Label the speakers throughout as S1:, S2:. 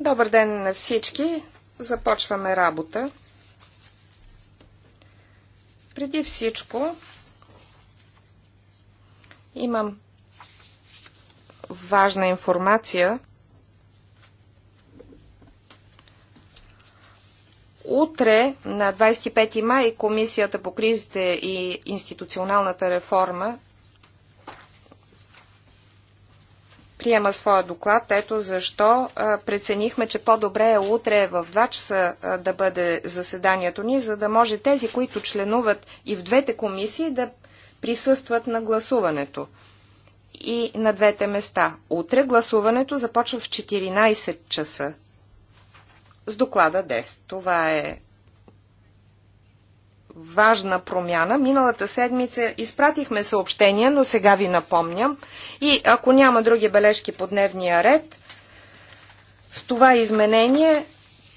S1: Добър ден на всички. Започваме работа. Преди всичко имам важна информация. Утре на 25 май Комисията по кризите и институционалната реформа приема своя доклад. Ето защо преценихме, че по-добре е утре в 2 часа да бъде заседанието ни, за да може тези, които членуват и в двете комисии, да присъстват на гласуването и на двете места. Утре гласуването започва в 14 часа с доклада 10. Това е важна промяна. Миналата седмица изпратихме съобщение, но сега ви напомням. И ако няма други бележки по дневния ред, с това изменение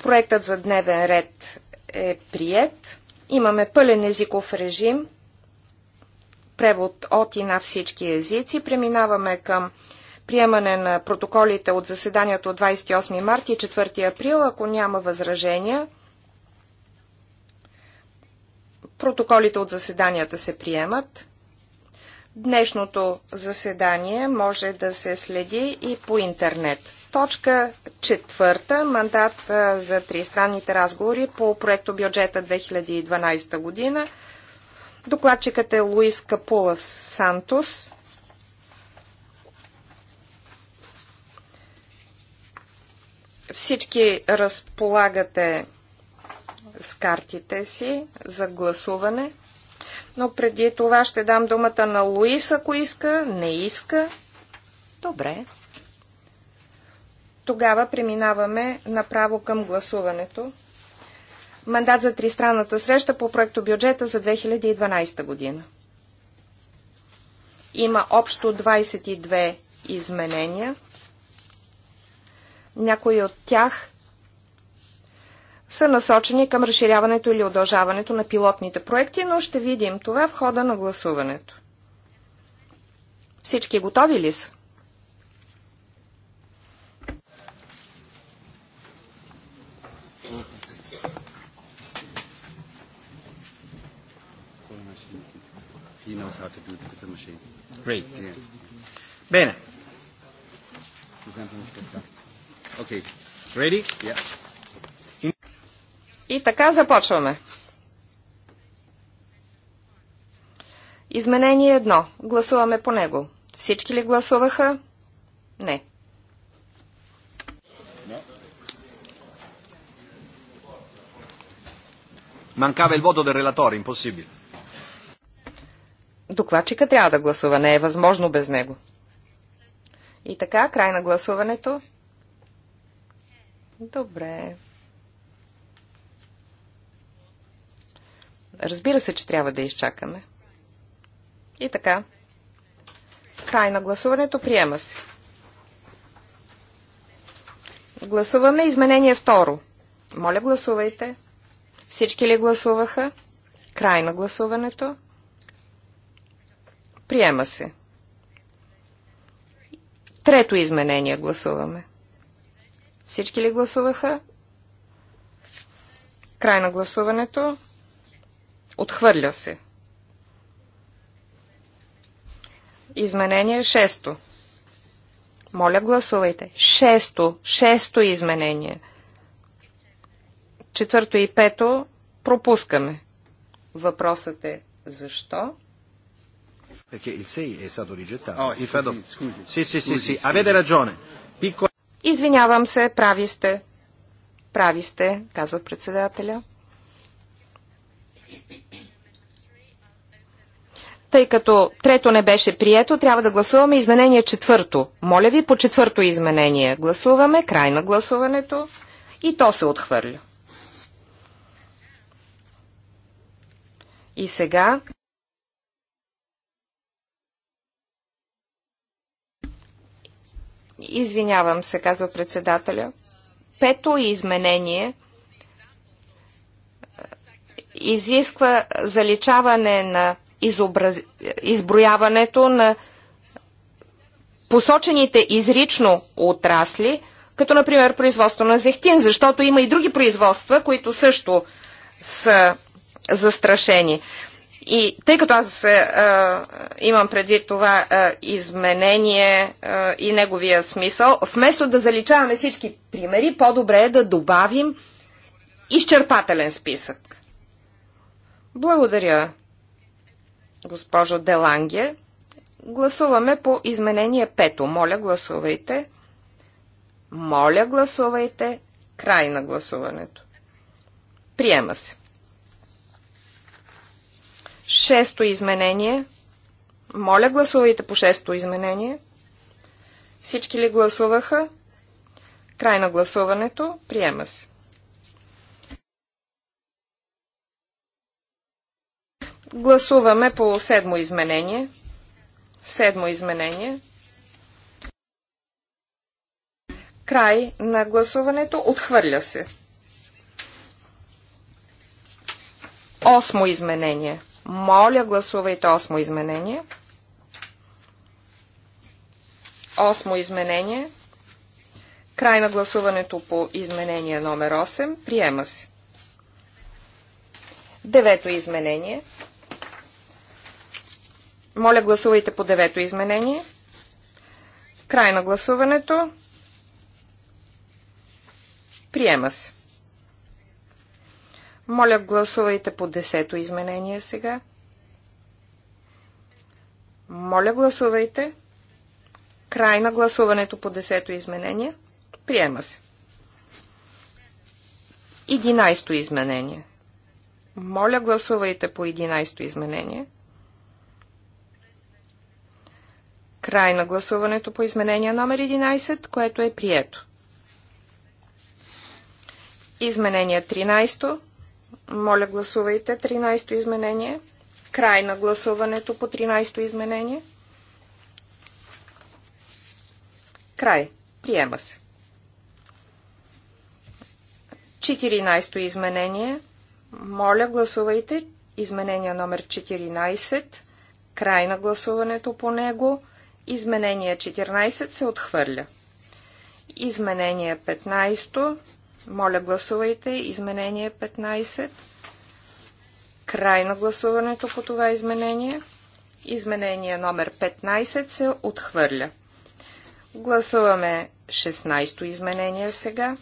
S1: проектът за дневен ред е прият. Имаме пълен езиков режим, превод от и на всички езици. Преминаваме към приемане на протоколите от заседанието от 28 марта и 4 април. Ако няма възражения, Протоколите от заседанията се приемат. Днешното заседание може да се следи и по интернет. Точка четвърта – мандат за тристранните разговори по проекто бюджета 2012 година. Докладчикът е Луис Капулас Сантос. Всички разполагате с картите си за гласуване. Но преди това ще дам думата на Луис, ако иска. Не иска. Добре. Тогава преминаваме направо към гласуването. Мандат за тристранната среща по проекто бюджета за 2012 година. Има общо 22 изменения. Някои от тях са насочени към разширяването или удължаването на пилотните проекти, но ще видим това в хода на гласуването. Всички готови ли са?
S2: Бене. Окей. Ready? Yeah.
S1: И така започваме. Изменение едно. Гласуваме по него. Всички ли гласуваха? Не. Манкава il водо del Докладчика трябва да гласува, не е възможно без него. И така, край на гласуването. Добре. Разбира се, че трябва да изчакаме. И така. Край на гласуването. Приема се. Гласуваме изменение второ. Моля, гласувайте. Всички ли гласуваха? Край на гласуването. Приема се. Трето изменение гласуваме. Всички ли гласуваха? Край на гласуването. Отхвърля се. Изменение шесто. Моля, гласувайте. Шесто, шесто изменение. Четвърто и пето пропускаме. Въпросът е защо?
S2: Perché il 6 è stato rigettato. Oh, Sì, sì, sì, sì. Avete ragione.
S1: Извинявам се, прави сте. Прави сте, казва председателя. тъй като трето не беше прието, трябва да гласуваме изменение четвърто. Моля ви, по четвърто изменение гласуваме, край на гласуването и то се отхвърля. И сега... Извинявам се, казва председателя. Пето изменение изисква заличаване на изобраз... изброяването на посочените изрично отрасли, като например производство на зехтин, защото има и други производства, които също са застрашени. И тъй като аз а, е, имам предвид това а, е, изменение а, е, и неговия смисъл, вместо да заличаваме всички примери, по-добре е да добавим изчерпателен списък. Благодаря, госпожо Деланге. Гласуваме по изменение пето. Моля, гласувайте. Моля, гласувайте. Край на гласуването. Приема се. Шесто изменение. Моля, гласувайте по шесто изменение. Всички ли гласуваха? Край на гласуването. Приема се. Гласуваме по седмо изменение. Седмо изменение. Край на гласуването. Отхвърля се. Осмо изменение. Моля, гласувайте осмо изменение. Осмо изменение. Край на гласуването по изменение номер 8. Приема се. Девето изменение. Моля, гласувайте по девето изменение. Край на гласуването. Приема се. Моля, гласувайте по десето изменение сега. Моля, гласувайте. Край на гласуването по десето изменение. Приема се. Единайсто изменение. Моля, гласувайте по единайсто изменение. Край на гласуването по изменение номер 11, което е прието. Изменение 13. Моля гласувайте 13-то изменение. Край на гласуването по 13-то изменение. Край. Приема се. 14-то изменение. Моля гласувайте изменение номер 14. Край на гласуването по него. Изменение 14 се отхвърля. Изменение 15. Моля гласувайте. Изменение 15. Край на гласуването по това изменение. Изменение номер 15 се отхвърля. Гласуваме 16-то изменение сега.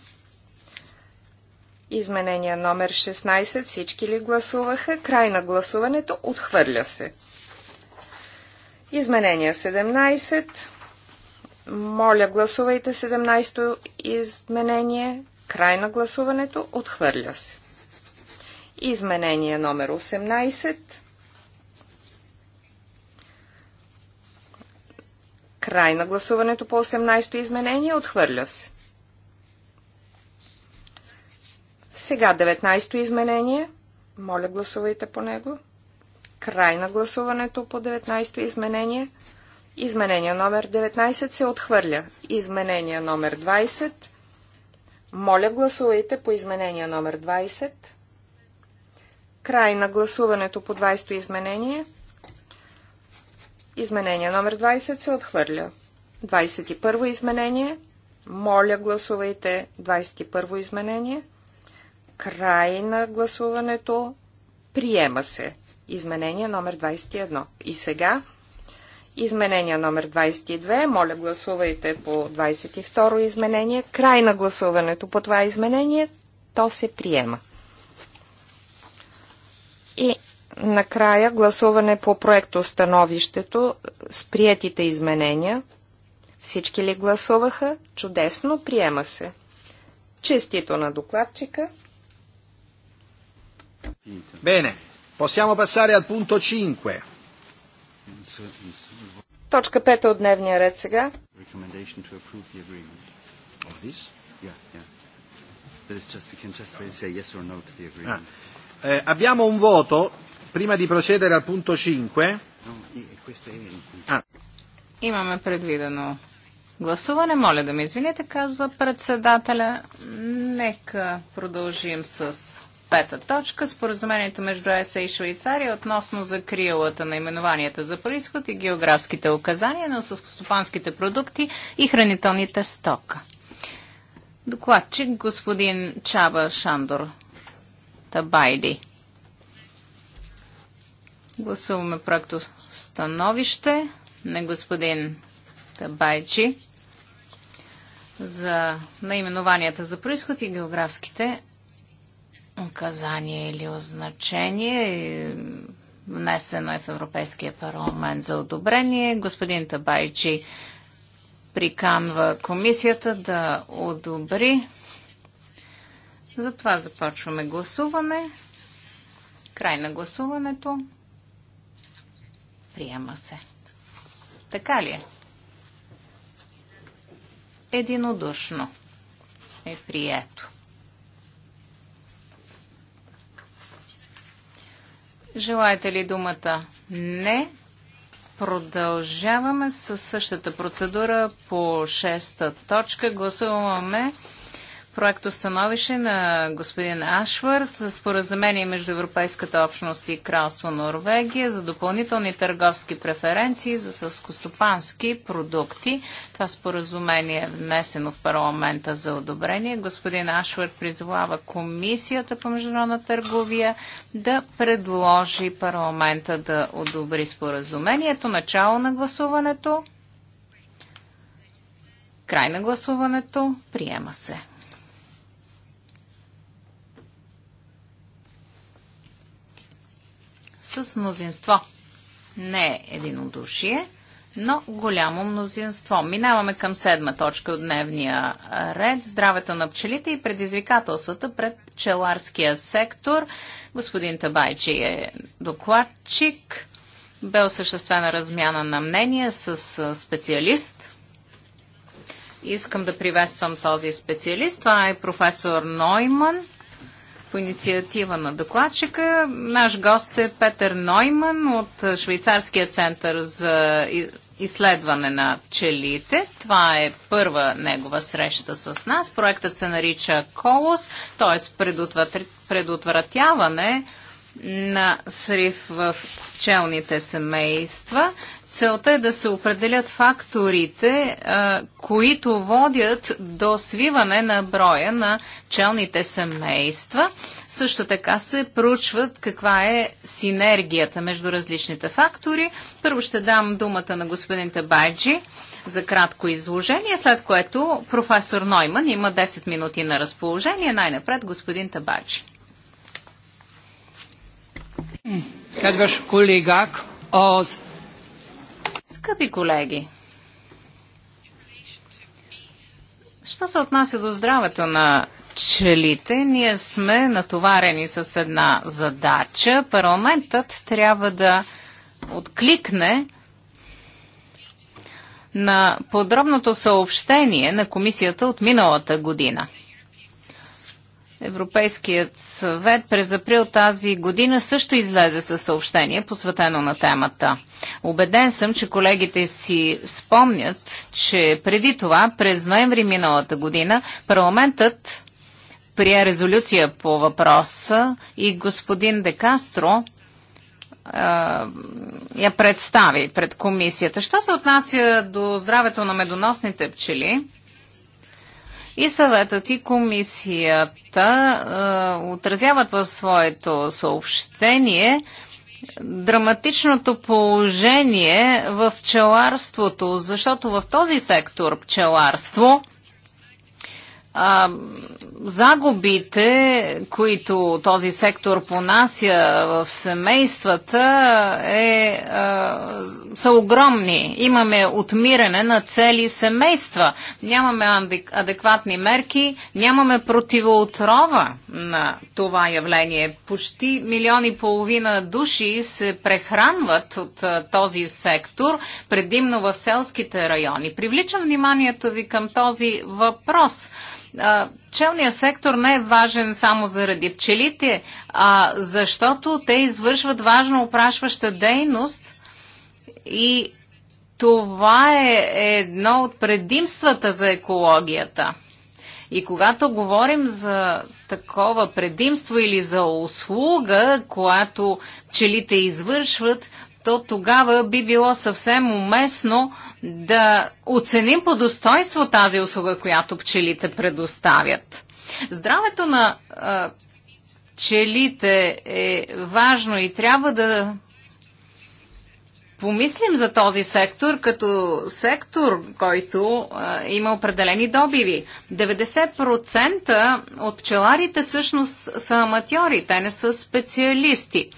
S1: Изменение номер 16. Всички ли гласуваха? Край на гласуването отхвърля се. Изменение 17. Моля, гласувайте 17-то изменение. Край на гласуването. Отхвърля се. Изменение номер 18. Край на гласуването по 18-то изменение. Отхвърля се. Сега 19-то изменение. Моля, гласувайте по него. Край на гласуването по 19-то изменение. Изменение номер 19 се отхвърля. Изменение номер 20. Моля, гласувайте по изменение номер 20. Край на гласуването по 20-то изменение. Изменение номер 20 се отхвърля. 21 во изменение. Моля, гласувайте 21 во изменение. Край на гласуването. Приема се. Изменение номер 21. И сега изменение номер 22. Моля гласувайте по 22 изменение. Край на гласуването по това изменение. То се приема. И накрая гласуване по проекто становището с приетите изменения. Всички ли гласуваха? Чудесно, приема се. Честито на докладчика.
S2: Бене. Possiamo passare al punto 5. Точка
S1: 5 от дневния ред сега.
S2: Ah. Eh, abbiamo un voto prima di procedere al punto 5. E ah.
S3: Имаме предвидено гласуване. Моля да ме извините, казва председателя. Нека продължим с Пета точка – споразумението между ЕСА и Швейцария относно закрилата именованията за происход и географските указания на съскостопанските продукти и хранителните стока. Докладчик господин Чаба Шандор Табайди. Гласуваме проекто становище на господин Табайчи за наименованията за происход и географските указание или означение. Внесено е в Европейския парламент за одобрение. Господин Табайчи приканва комисията да одобри. Затова започваме гласуване. Край на гласуването. Приема се. Така ли е? Единодушно е прието. Желаете ли думата? Не. Продължаваме с същата процедура по шеста точка. Гласуваме проекто становище на господин Ашвард за споразумение между Европейската общност и Кралство Норвегия за допълнителни търговски преференции за сълскостопански продукти. Това споразумение е внесено в парламента за одобрение. Господин Ашвард призвава Комисията по международна търговия да предложи парламента да одобри споразумението. Начало на гласуването. Край на гласуването. Приема се. с мнозинство. Не е единодушие, но голямо мнозинство. Минаваме към седма точка от дневния ред. Здравето на пчелите и предизвикателствата пред пчеларския сектор. Господин Табайчи е докладчик. Бе осъществена размяна на мнение с специалист Искам да приветствам този специалист. Това е професор Нойман по инициатива на докладчика. Наш гост е Петър Нойман от Швейцарския център за изследване на пчелите. Това е първа негова среща с нас. Проектът се нарича КОЛОС, т.е. предотвратяване на срив в пчелните семейства. Целта е да се определят факторите, които водят до свиване на броя на пчелните семейства. Също така се проучват каква е синергията между различните фактори. Първо ще дам думата на господин Табайджи за кратко изложение, след което професор Нойман има 10 минути на разположение. Най-напред господин Табачи. Kedves kollégák, az... Скъпи колеги, що се отнася до здравето на пчелите, ние сме натоварени с една задача. Парламентът трябва да откликне на подробното съобщение на комисията от миналата година – Европейският съвет през април тази година също излезе със съобщение, посветено на темата. Обеден съм, че колегите си спомнят, че преди това, през ноември миналата година, парламентът прие резолюция по въпроса и господин Декастро я представи пред комисията. Що се отнася до здравето на медоносните пчели? И съветът и комисията хората отразяват в своето съобщение драматичното положение в пчеларството, защото в този сектор пчеларство – а, загубите, които този сектор понася в семействата, е, а, са огромни. Имаме отмиране на цели семейства. Нямаме адекватни мерки, нямаме противоотрова на това явление. Почти милион и половина души се прехранват от а, този сектор, предимно в селските райони. Привличам вниманието ви към този въпрос пчелният сектор не е важен само заради пчелите, а защото те извършват важна опрашваща дейност и това е едно от предимствата за екологията. И когато говорим за такова предимство или за услуга, която пчелите извършват, то тогава би било съвсем уместно да оценим по достоинство тази услуга, която пчелите предоставят. Здравето на пчелите е важно и трябва да помислим за този сектор като сектор, който а, има определени добиви. 90% от пчеларите всъщност са аматьори, те не са специалисти.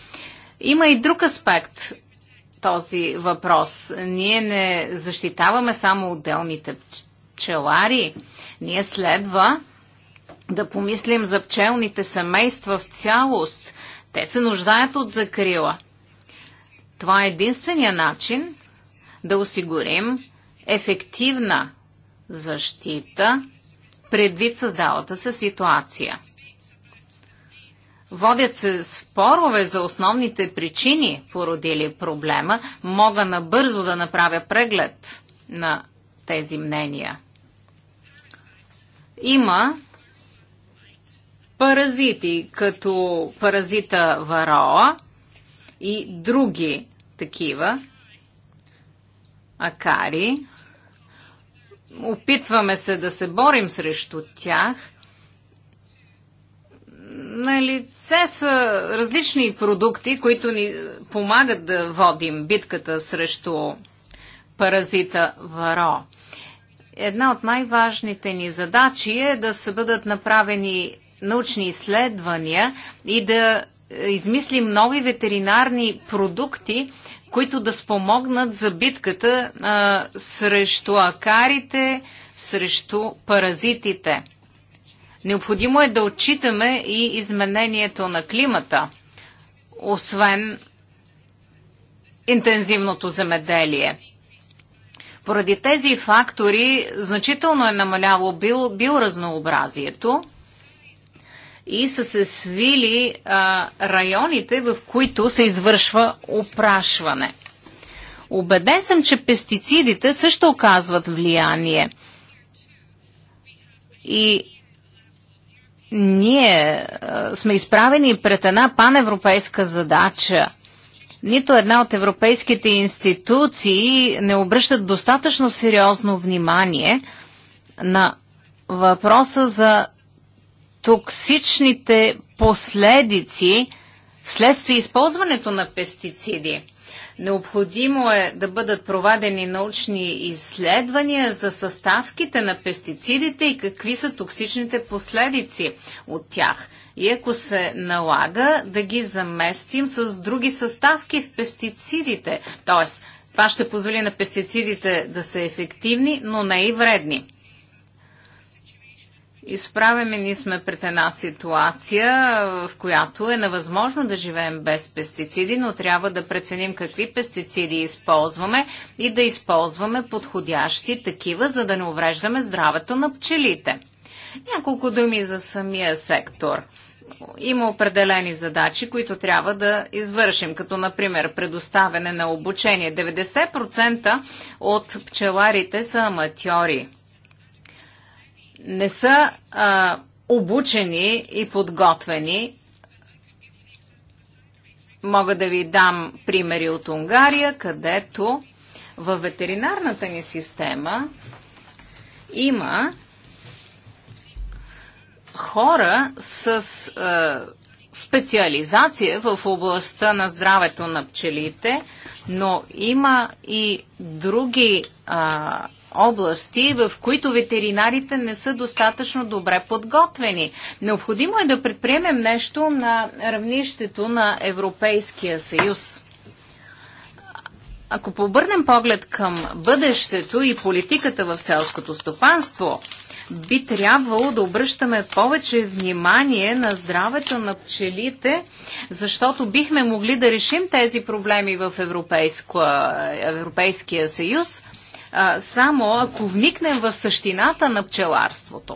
S3: Има и друг аспект този въпрос. Ние не защитаваме само отделните пчелари. Ние следва да помислим за пчелните семейства в цялост. Те се нуждаят от закрила. Това е единствения начин да осигурим ефективна защита предвид създалата се ситуация – Водят се спорове за основните причини, породили проблема. Мога набързо да направя преглед на тези мнения. Има паразити, като паразита вароа и други такива, акари. Опитваме се да се борим срещу тях – на лице са различни продукти, които ни помагат да водим битката срещу паразита варо. Една от най-важните ни задачи е да се бъдат направени научни изследвания и да измислим нови ветеринарни продукти, които да спомогнат за битката а, срещу акарите, срещу паразитите. Необходимо е да отчитаме и изменението на климата, освен интензивното земеделие. Поради тези фактори значително е намаляло бил, биоразнообразието и са се свили а, районите, в които се извършва опрашване. Обеден съм, че пестицидите също оказват влияние. И ние а, е, сме изправени пред една паневропейска задача. Нито една от европейските институции не обръщат достатъчно сериозно внимание на въпроса за токсичните последици вследствие използването на пестициди. Необходимо е да бъдат провадени научни изследвания за съставките на пестицидите и какви са токсичните последици от тях. И ако се налага да ги заместим с други съставки в пестицидите, т.е. това ще позволи на пестицидите да са ефективни, но не и вредни. Изправени ни сме пред една ситуация, в която е невъзможно да живеем без пестициди, но трябва да преценим какви пестициди използваме и да използваме подходящи такива, за да не увреждаме здравето на пчелите. Няколко думи за самия сектор. Има определени задачи, които трябва да извършим, като например предоставяне на обучение. 90% от пчеларите са аматьори не са а, обучени и подготвени. Мога да ви дам примери от Унгария, където във ветеринарната ни система има хора с а, специализация в областта на здравето на пчелите, но има и други а, области, в които ветеринарите не са достатъчно добре подготвени. Необходимо е да предприемем нещо на равнището на Европейския съюз. Ако побърнем поглед към бъдещето и политиката в селското стопанство, би трябвало да обръщаме повече внимание на здравето на пчелите, защото бихме могли да решим тези проблеми в Европейско, Европейския съюз – а, само ако вникнем в същината на пчеларството.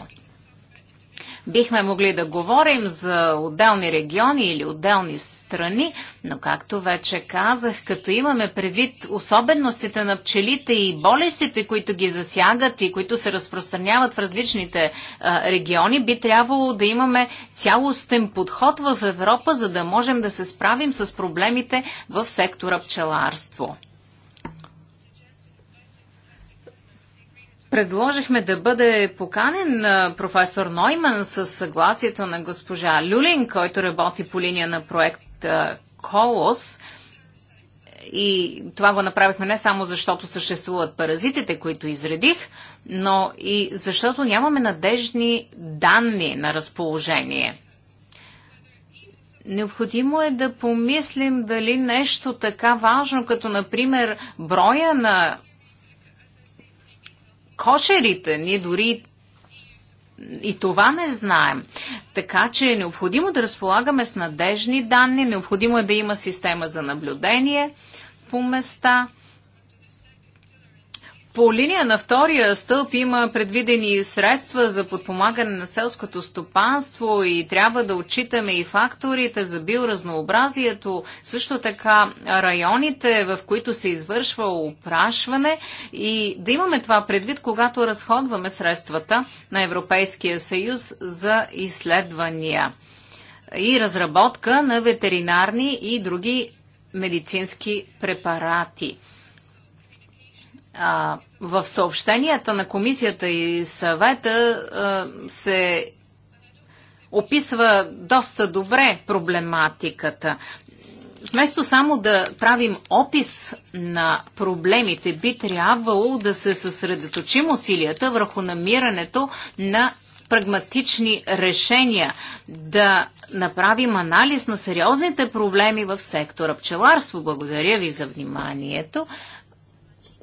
S3: Бихме могли да говорим за отделни региони или отделни страни, но както вече казах, като имаме предвид особеностите на пчелите и болестите, които ги засягат и които се разпространяват в различните а, региони, би трябвало да имаме цялостен подход в Европа, за да можем да се справим с проблемите в сектора пчеларство. предложихме да бъде поканен професор Нойман с съгласието на госпожа Люлин, който работи по линия на проект Колос. И това го направихме не само защото съществуват паразитите, които изредих, но и защото нямаме надежни данни на разположение. Необходимо е да помислим дали нещо така важно, като например броя на кошерите. Ние дори и това не знаем. Така че е необходимо да разполагаме с надежни данни, необходимо е да има система за наблюдение по места. По линия на втория стълб има предвидени средства за подпомагане на селското стопанство и трябва да отчитаме и факторите за биоразнообразието, също така районите, в които се извършва опрашване и да имаме това предвид, когато разходваме средствата на Европейския съюз за изследвания и разработка на ветеринарни и други медицински препарати. А, в съобщенията на комисията и съвета а, се описва доста добре проблематиката. Вместо само да правим опис на проблемите, би трябвало да се съсредоточим усилията върху намирането на прагматични решения, да направим анализ на сериозните проблеми в сектора пчеларство. Благодаря ви за вниманието.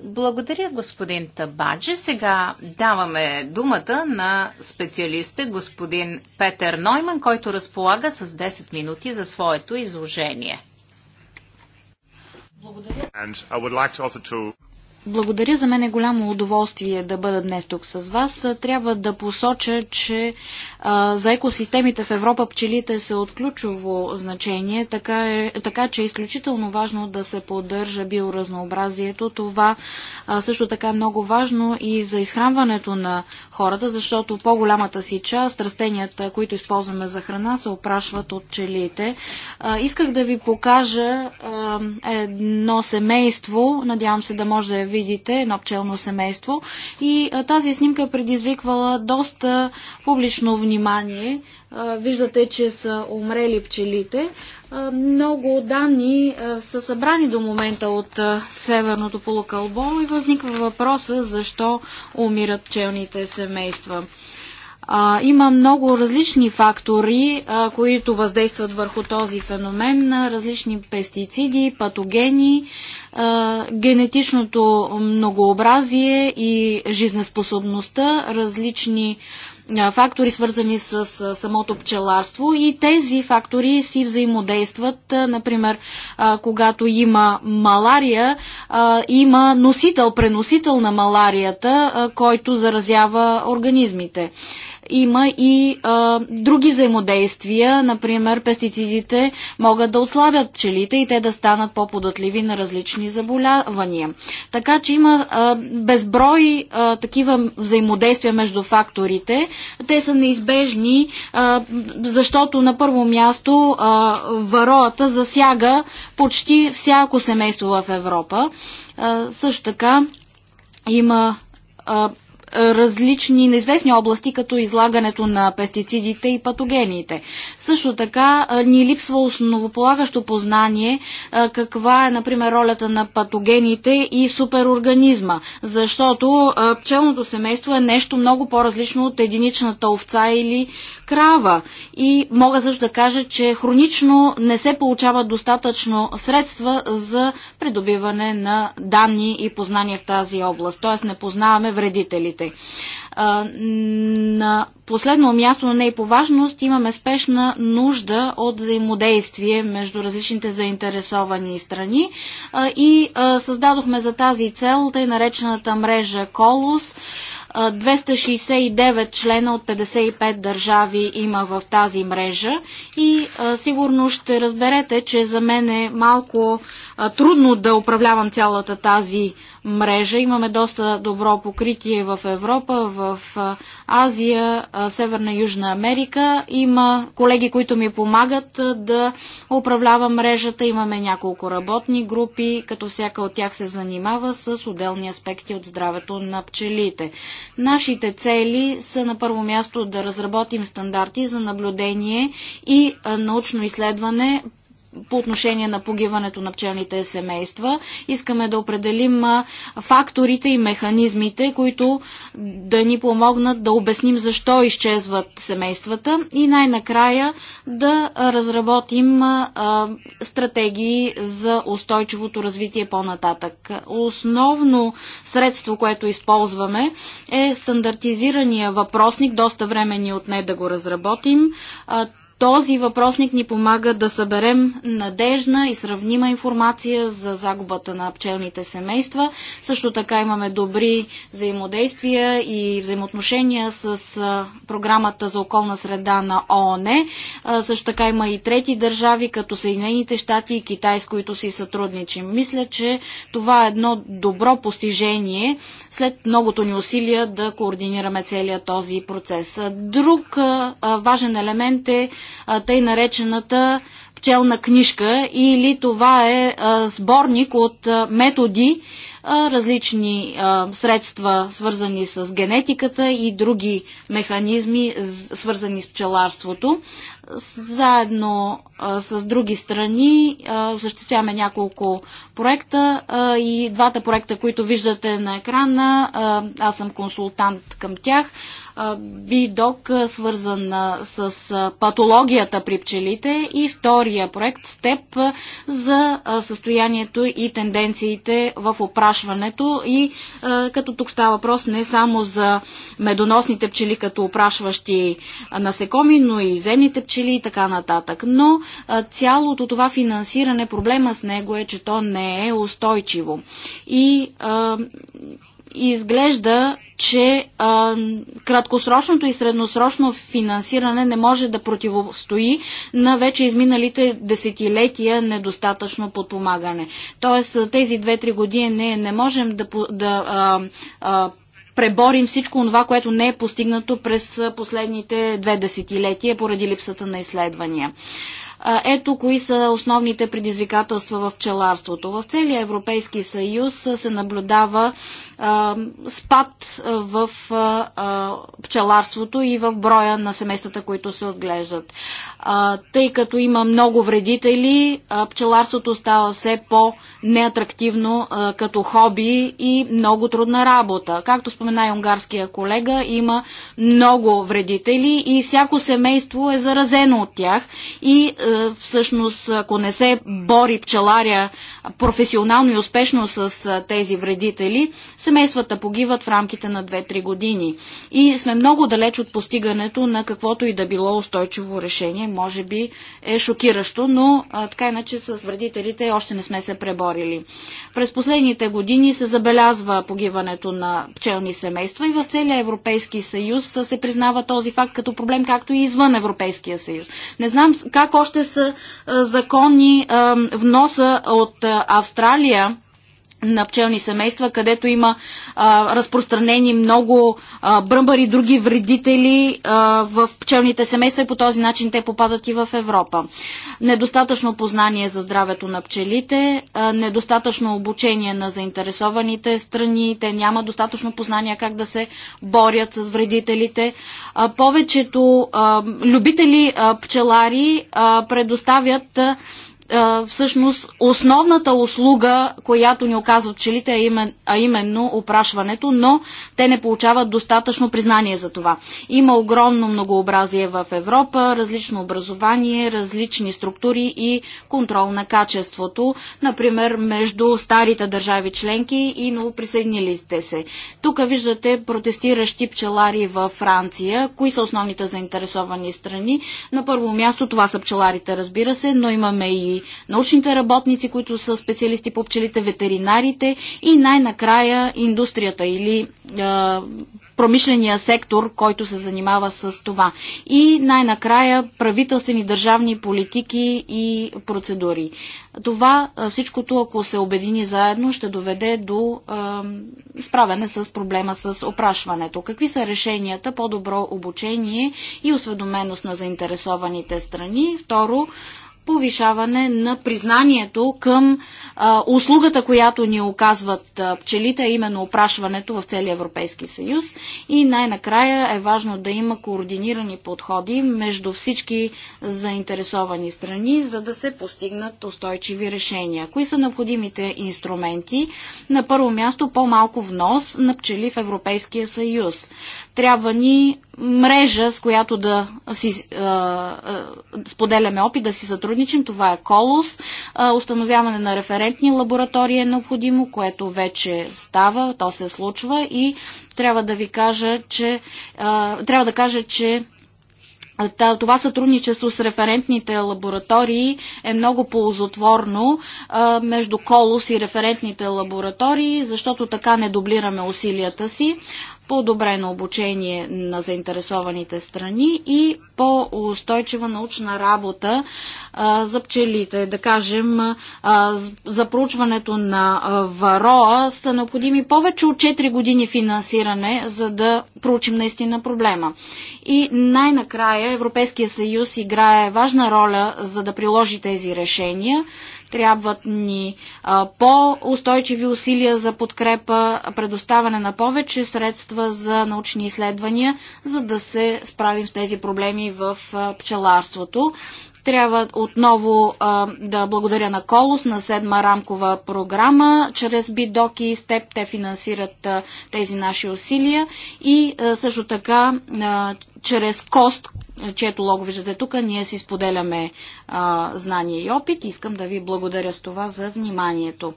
S3: Благодаря, господин Табаджи. Сега даваме думата на специалиста господин Петър Нойман, който разполага с
S2: 10 минути за своето изложение. Благодаря.
S1: To...
S2: Благодаря. За мен е голямо удоволствие да бъда днес тук с вас. Трябва да посоча, че а, за екосистемите в Европа пчелите са от ключово значение, така, е, така че е изключително важно да се поддържа биоразнообразието. Това а, също така е много важно и за изхранването на хората, защото по-голямата си част растенията, които използваме за храна, се опрашват от пчелите. А, исках да ви покажа а, едно семейство. Надявам се да може да я видите едно пчелно семейство. И а, тази снимка е предизвиквала доста публично внимание. А, виждате, че са умрели пчелите. А, много данни а, са събрани до момента от а, Северното полукълбо и възниква въпроса защо умират пчелните семейства. А, има много различни фактори, а, които въздействат върху този феномен. Различни пестициди, патогени, а, генетичното многообразие и жизнеспособността, различни фактори, свързани с самото пчеларство и тези фактори си взаимодействат. Например, когато има малария, има носител, преносител на маларията, който заразява организмите има и а, други взаимодействия, например пестицидите могат да ослабят пчелите и те да станат по-податливи на различни заболявания. Така че има а, безброй а, такива взаимодействия между факторите. Те са неизбежни, а, защото на първо място а, вароата засяга почти всяко семейство в Европа. А, също така има а, различни неизвестни области, като излагането на пестицидите и патогените. Също така ни липсва основополагащо познание каква е, например, ролята на патогените и суперорганизма, защото пчелното семейство е нещо много по-различно от единичната овца или крава. И мога също да кажа, че хронично не се получават достатъчно средства за придобиване на данни и познания в тази област, т.е. не познаваме вредителите случаите. На последно място, но не и по важност, имаме спешна нужда от взаимодействие между различните заинтересовани страни и създадохме за тази цел тъй наречената мрежа Колос. 269 члена от 55 държави има в тази мрежа и а, сигурно ще разберете, че за мен е малко трудно да управлявам цялата тази мрежа. Имаме доста добро покритие в Европа, в Азия, Северна и Южна Америка. Има колеги, които ми помагат да управлявам мрежата. Имаме няколко работни групи, като всяка от тях се занимава с отделни аспекти от здравето на пчелите. Нашите цели са на първо място да разработим стандарти за наблюдение и научно изследване по отношение на погиването на пчелните семейства. Искаме да определим факторите и механизмите, които да ни помогнат да обясним защо изчезват семействата и най-накрая да разработим стратегии за устойчивото развитие по-нататък. Основно средство, което използваме е стандартизирания въпросник. Доста време ни е отне да го разработим. Този въпросник ни помага да съберем надежна и сравнима информация за загубата на пчелните семейства. Също така имаме добри взаимодействия и взаимоотношения с програмата за околна среда на ООН. Също така има и трети държави, като Съединените щати и Китай, с които си сътрудничим. Мисля, че това е едно добро постижение след многото ни усилия да координираме целият този процес. Друг важен елемент е тъй наречената пчелна книжка или това е сборник от методи, различни средства, свързани с генетиката и други механизми, свързани с пчеларството заедно а, с други страни а, осъществяваме няколко проекта а, и двата проекта, които виждате на екрана, а, аз съм консултант към тях. Бидок, свързан а, с а, патологията при пчелите и втория проект СТЕП а, за състоянието и тенденциите в опрашването и като тук става въпрос не само за медоносните пчели като опрашващи насекоми, но и земните пчели учили и така нататък. Но цялото това финансиране, проблема с него е, че то не е устойчиво. И изглежда, че а, краткосрочното и средносрочно финансиране не може да противостои на вече изминалите десетилетия недостатъчно подпомагане. Тоест тези 2-3 години не можем да, да а, а, преборим всичко това, което не е постигнато през последните две десетилетия поради липсата на изследвания. Ето кои са основните предизвикателства в пчеларството. В целия Европейски съюз се наблюдава спад в пчеларството и в броя на семействата, които се отглеждат. Тъй като има много вредители, пчеларството става все по-неатрактивно като хоби и много трудна работа. Както спомена и унгарския колега, има много вредители и всяко семейство е заразено от тях и всъщност ако не се бори пчеларя професионално и успешно с тези вредители, Семействата погиват в рамките на 2-3 години и сме много далеч от постигането на каквото и да било устойчиво решение. Може би е шокиращо, но а, така иначе с вредителите още не сме се преборили. През последните години се забелязва погиването на пчелни семейства и в целия Европейски съюз се признава този факт като проблем, както и извън Европейския съюз. Не знам как още са законни а, вноса от а, Австралия на пчелни семейства, където има а, разпространени много а, бръмбари и други вредители а, в пчелните семейства и по този начин те попадат и в Европа. Недостатъчно познание за здравето на пчелите, а, недостатъчно обучение на заинтересованите страни, те няма достатъчно познание как да се борят с вредителите. А, повечето а, любители а, пчелари а, предоставят а, а, всъщност основната услуга, която ни оказват пчелите, е имен, а именно опрашването, но те не получават достатъчно признание за това. Има огромно многообразие в Европа, различно образование, различни структури и контрол на качеството, например между старите държави членки и новоприсъединилите се. Тук виждате протестиращи пчелари във Франция. Кои са основните заинтересовани страни? На първо място това са пчеларите, разбира се, но имаме и научните работници, които са специалисти по пчелите, ветеринарите и най-накрая индустрията или а, промишления сектор, който се занимава с това. И най-накрая правителствени държавни политики и процедури. Това всичкото, ако се обедини заедно, ще доведе до е, справяне с проблема с опрашването. Какви са решенията? По-добро обучение и осведоменост на заинтересованите страни. Второ, повишаване на признанието към а, услугата, която ни оказват а, пчелите, а именно опрашването в целия Европейски съюз. И най-накрая е важно да има координирани подходи между всички заинтересовани страни, за да се постигнат устойчиви решения. Кои са необходимите инструменти? На първо място по-малко внос на пчели в Европейския съюз. Трябва ни мрежа, с която да си а, а, споделяме опит, да си сътрудничим. Това е Колос. А, установяване на референтни лаборатории е необходимо, което вече става, то се случва и трябва да ви кажа, че а, трябва да кажа, че това сътрудничество с референтните лаборатории е много ползотворно а, между Колос и референтните лаборатории, защото така не дублираме усилията си по-добрено обучение на заинтересованите страни и по-устойчива научна работа а, за пчелите. Да кажем, а, за проучването на Вароа са необходими повече от 4 години финансиране, за да проучим наистина проблема. И най-накрая Европейския съюз играе важна роля, за да приложи тези решения. Трябват ни по-устойчиви усилия за подкрепа, предоставяне на повече средства за научни изследвания, за да се справим с тези проблеми в пчеларството. Трябва отново а, да благодаря на Колос, на седма рамкова програма. Чрез БИДОКИ и Степ те финансират а, тези наши усилия и а, също така а, чрез Кост, чието лого виждате тук, ние си споделяме а, знания и опит. Искам да ви благодаря с това за вниманието.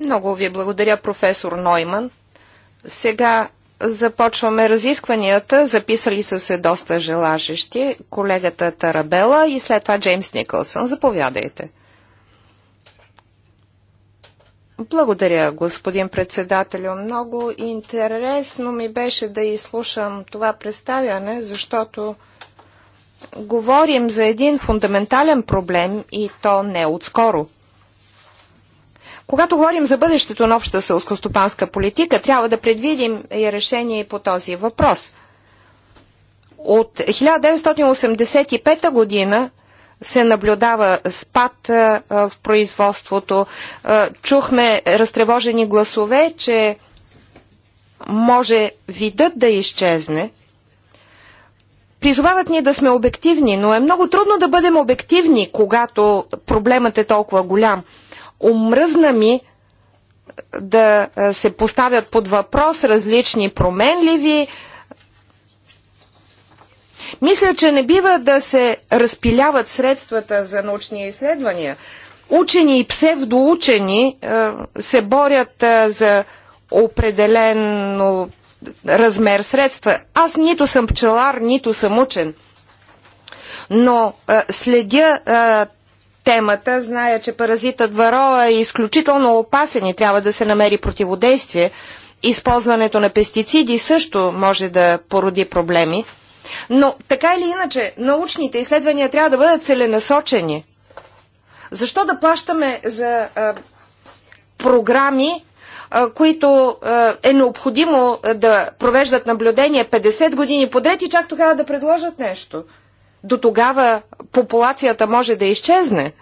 S2: Много ви благодаря, професор Нойман. Сега започваме
S1: разискванията. Записали са се доста желажещи. Колегата Тарабела и след това Джеймс Никълсън. Заповядайте. Благодаря, господин председателю. Много интересно ми беше да изслушам това представяне, защото говорим за един фундаментален проблем и то не отскоро. Когато говорим за бъдещето на обща селскостопанска политика, трябва да предвидим и решение по този въпрос. От 1985 година се наблюдава спад в производството. Чухме разтревожени гласове, че може видът да изчезне. Призовават ни да сме обективни, но е много трудно да бъдем обективни, когато проблемът е толкова голям. Умръзна ми да се поставят под въпрос различни променливи, мисля, че не бива да се разпиляват средствата за научни изследвания. Учени и псевдоучени е, се борят е, за определен размер средства. Аз нито съм пчелар, нито съм учен. Но е, следя темата, зная, че паразитът вароа е изключително опасен и трябва да се намери противодействие. Използването на пестициди също може да породи проблеми. Но така или иначе, научните изследвания трябва да бъдат целенасочени. Защо да плащаме за а, програми, а, които а, е необходимо да провеждат наблюдение 50 години подред и чак тогава да предложат нещо? До тогава популацията може да изчезне.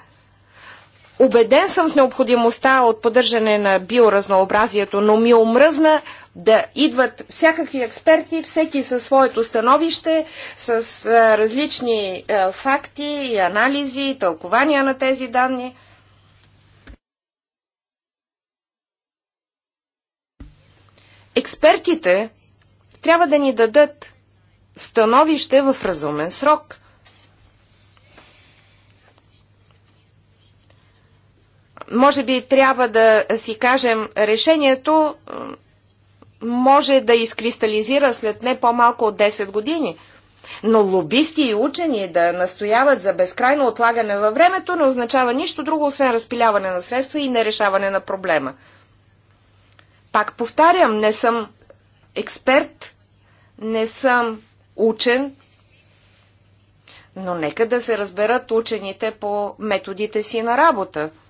S1: Обеден съм в необходимостта от поддържане на биоразнообразието, но ми омръзна да идват всякакви експерти, всеки със своето становище, с а, различни а, факти и анализи, и тълкования на тези данни. Експертите трябва да ни дадат становище в разумен срок – може би трябва да си кажем, решението може да изкристализира след не по-малко от 10 години. Но лобисти и учени да настояват за безкрайно отлагане във времето не означава нищо друго, освен разпиляване на средства и нерешаване на проблема. Пак повтарям, не съм експерт, не съм учен, но нека да се разберат учените по методите си на работа –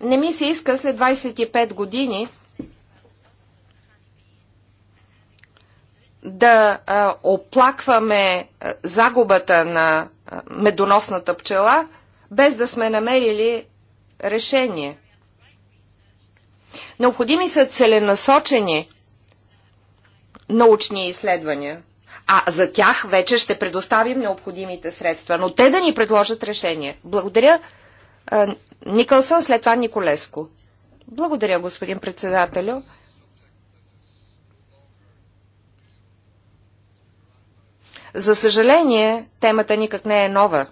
S1: не ми се иска след 25 години да оплакваме загубата на медоносната пчела, без да сме намерили решение. Необходими са целенасочени научни изследвания, а за тях вече ще предоставим необходимите средства, но те да ни предложат решение. Благодаря Никълсън, след това Николеско. Благодаря, господин председателю. За съжаление, темата никак не е нова.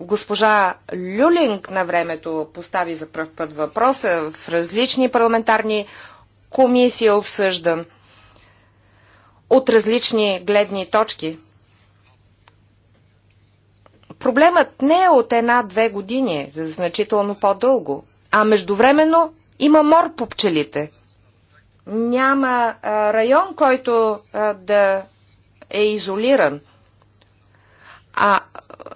S1: Госпожа Люлинг на времето постави за пръв път въпроса в различни парламентарни комисии обсъждан от различни гледни точки – Проблемът не е от една-две години, значително по-дълго, а междувременно има мор по пчелите. Няма а, район, който а, да е изолиран. А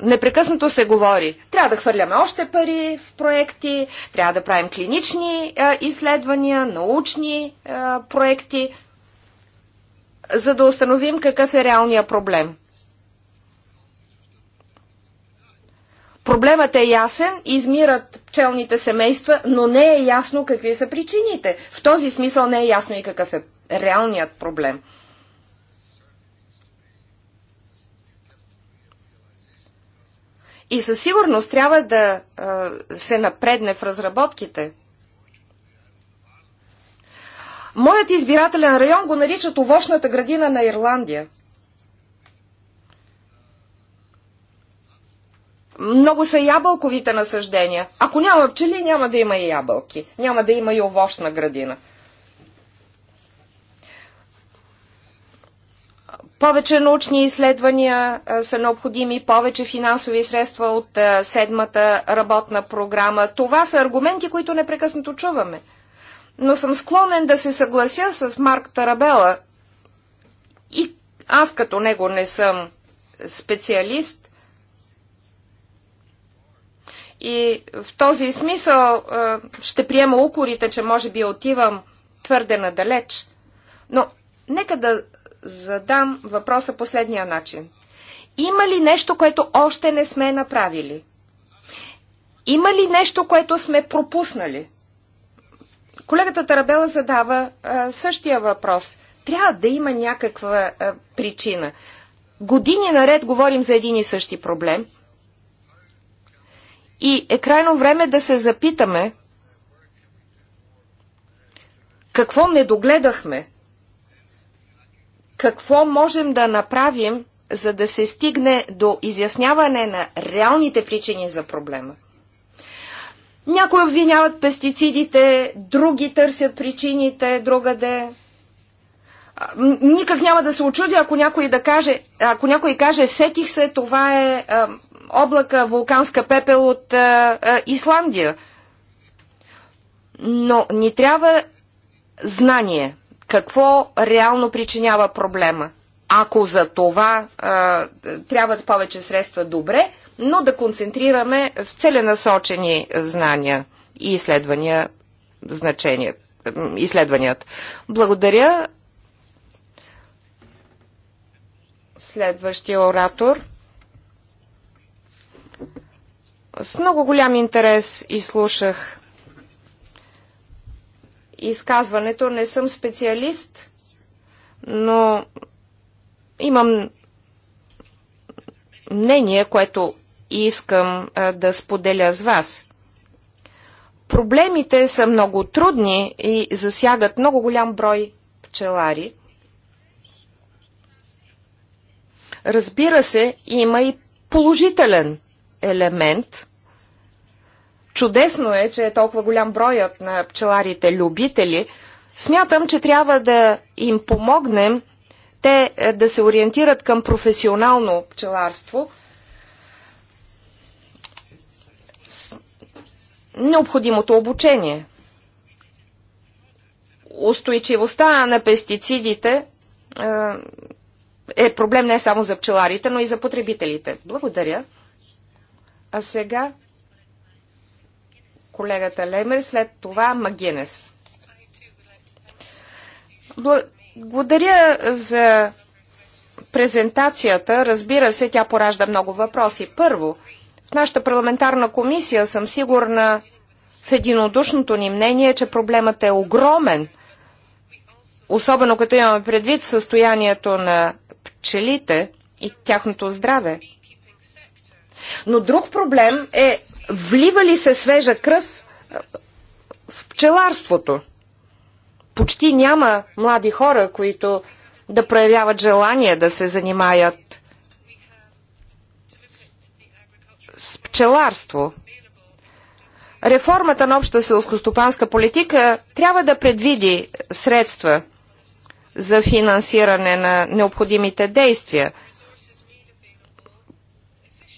S1: непрекъснато се говори, трябва да хвърляме още пари в проекти, трябва да правим клинични а, изследвания, научни а, проекти, за да установим какъв е реалният проблем. Проблемът е ясен, измират пчелните семейства, но не е ясно какви са причините. В този смисъл не е ясно и какъв е реалният проблем. И със сигурност трябва да а, се напредне в разработките. Моят избирателен район го наричат овощната градина на Ирландия – Много са ябълковите насъждения. Ако няма пчели, няма да има и ябълки. Няма да има и овощна градина. Повече научни изследвания а, са необходими, повече финансови средства от а, седмата работна програма. Това са аргументи, които непрекъснато чуваме. Но съм склонен да се съглася с Марк Тарабела. И аз като него не съм специалист, и в този смисъл е, ще приема укорите, че може би отивам твърде надалеч. Но нека да задам въпроса последния начин. Има ли нещо, което още не сме направили? Има ли нещо, което сме пропуснали? Колегата Тарабела задава а, е, същия въпрос. Трябва да има някаква а, е, причина. Години наред говорим за един и същи проблем – и е крайно време да се запитаме какво не догледахме, какво можем да направим, за да се стигне до изясняване на реалните причини за проблема. Някои обвиняват пестицидите, други търсят причините, другаде. Никак няма да се очудя, ако някой, да каже, ако някой каже, сетих се, това е облака вулканска пепел от а, а, Исландия. Но ни трябва знание какво реално причинява проблема. Ако за това а, трябват повече средства, добре, но да концентрираме в целенасочени знания и изследвания значение, изследваният. Благодаря. Следващия оратор. С много голям интерес изслушах изказването. Не съм специалист, но имам мнение, което искам да споделя с вас. Проблемите са много трудни и засягат много голям брой пчелари. Разбира се, има и положителен елемент. Чудесно е, че е толкова голям броят на пчеларите любители. Смятам, че трябва да им помогнем те е, да се ориентират към професионално пчеларство. С необходимото обучение. Устойчивостта на пестицидите е, е проблем не само за пчеларите, но и за потребителите. Благодаря. А сега колегата Лемер, след това Магинес. Благодаря за презентацията. Разбира се, тя поражда много въпроси. Първо, в нашата парламентарна комисия съм сигурна в единодушното ни мнение, че проблемът е огромен, особено като имаме предвид състоянието на пчелите и тяхното здраве. Но друг проблем е влива ли се свежа кръв е, в пчеларството. Почти няма млади хора, които да проявяват желание да се занимаят с пчеларство. Реформата на обща селскостопанска политика трябва да предвиди средства за финансиране на необходимите действия –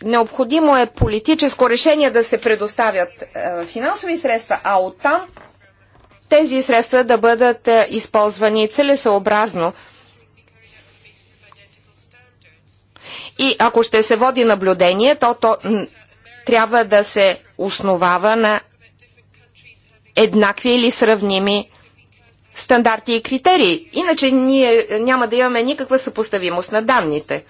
S1: Необходимо е политическо решение да се предоставят е, финансови средства, а оттам тези средства да бъдат е, използвани целесообразно. И ако ще се води наблюдение, то, то трябва да се основава на еднакви или сравними стандарти и критерии. Иначе ние е, няма да имаме никаква съпоставимост на данните.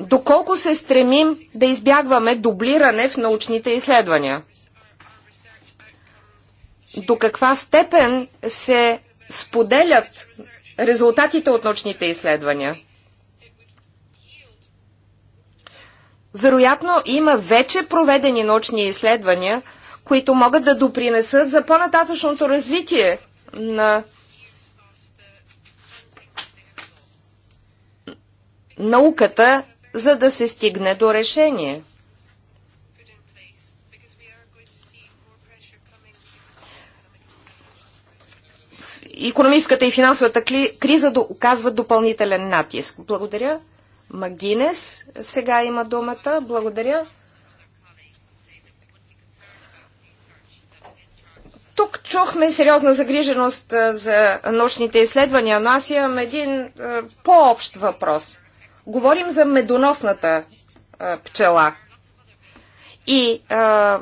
S1: доколко се стремим да избягваме дублиране в научните изследвания? До каква степен се споделят резултатите от научните изследвания? Вероятно има вече проведени научни изследвания, които могат да допринесат за по-нататъчното развитие на науката за да се стигне до решение. Икономическата и финансовата криза оказва допълнителен натиск. Благодаря. Магинес сега има думата. Благодаря. Тук чухме сериозна загриженост за научните изследвания, но аз имам един по-общ въпрос – Говорим за медоносната а, пчела. И а,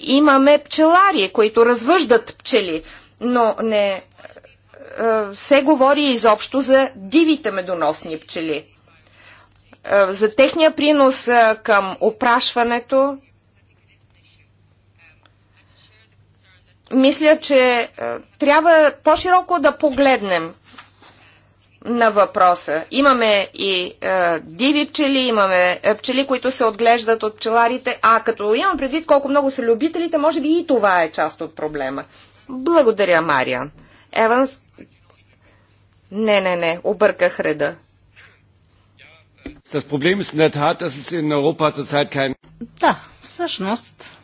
S1: имаме пчелари, които развъждат пчели, но не а, се говори изобщо за дивите медоносни пчели. А, за техния принос а, към опрашването. Мисля, че а, трябва по-широко да погледнем на въпроса. Имаме и е, диви пчели, имаме е, пчели, които се отглеждат от пчеларите, а като имам предвид колко много са любителите, може би и това е част от проблема. Благодаря, Мариан. Еванс... Не, не, не, обърках реда.
S3: Да, всъщност,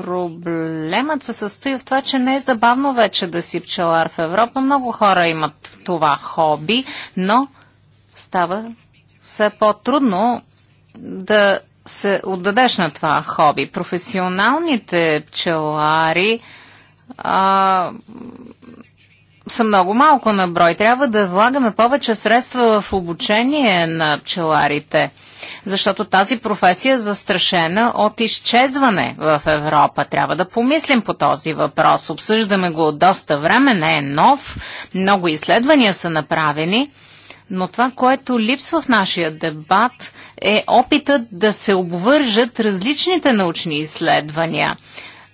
S3: Проблемът се състои в това, че не е забавно вече да си пчелар в Европа. Много хора имат това хоби, но става все по-трудно да се отдадеш на това хоби. Професионалните пчелари а, са много малко на брой. Трябва да влагаме повече средства в обучение на пчеларите, защото тази професия е застрашена от изчезване в Европа. Трябва да помислим по този въпрос. Обсъждаме го от доста време, не е нов, много изследвания са направени. Но това, което липсва в нашия дебат е опитът да се обвържат различните научни изследвания.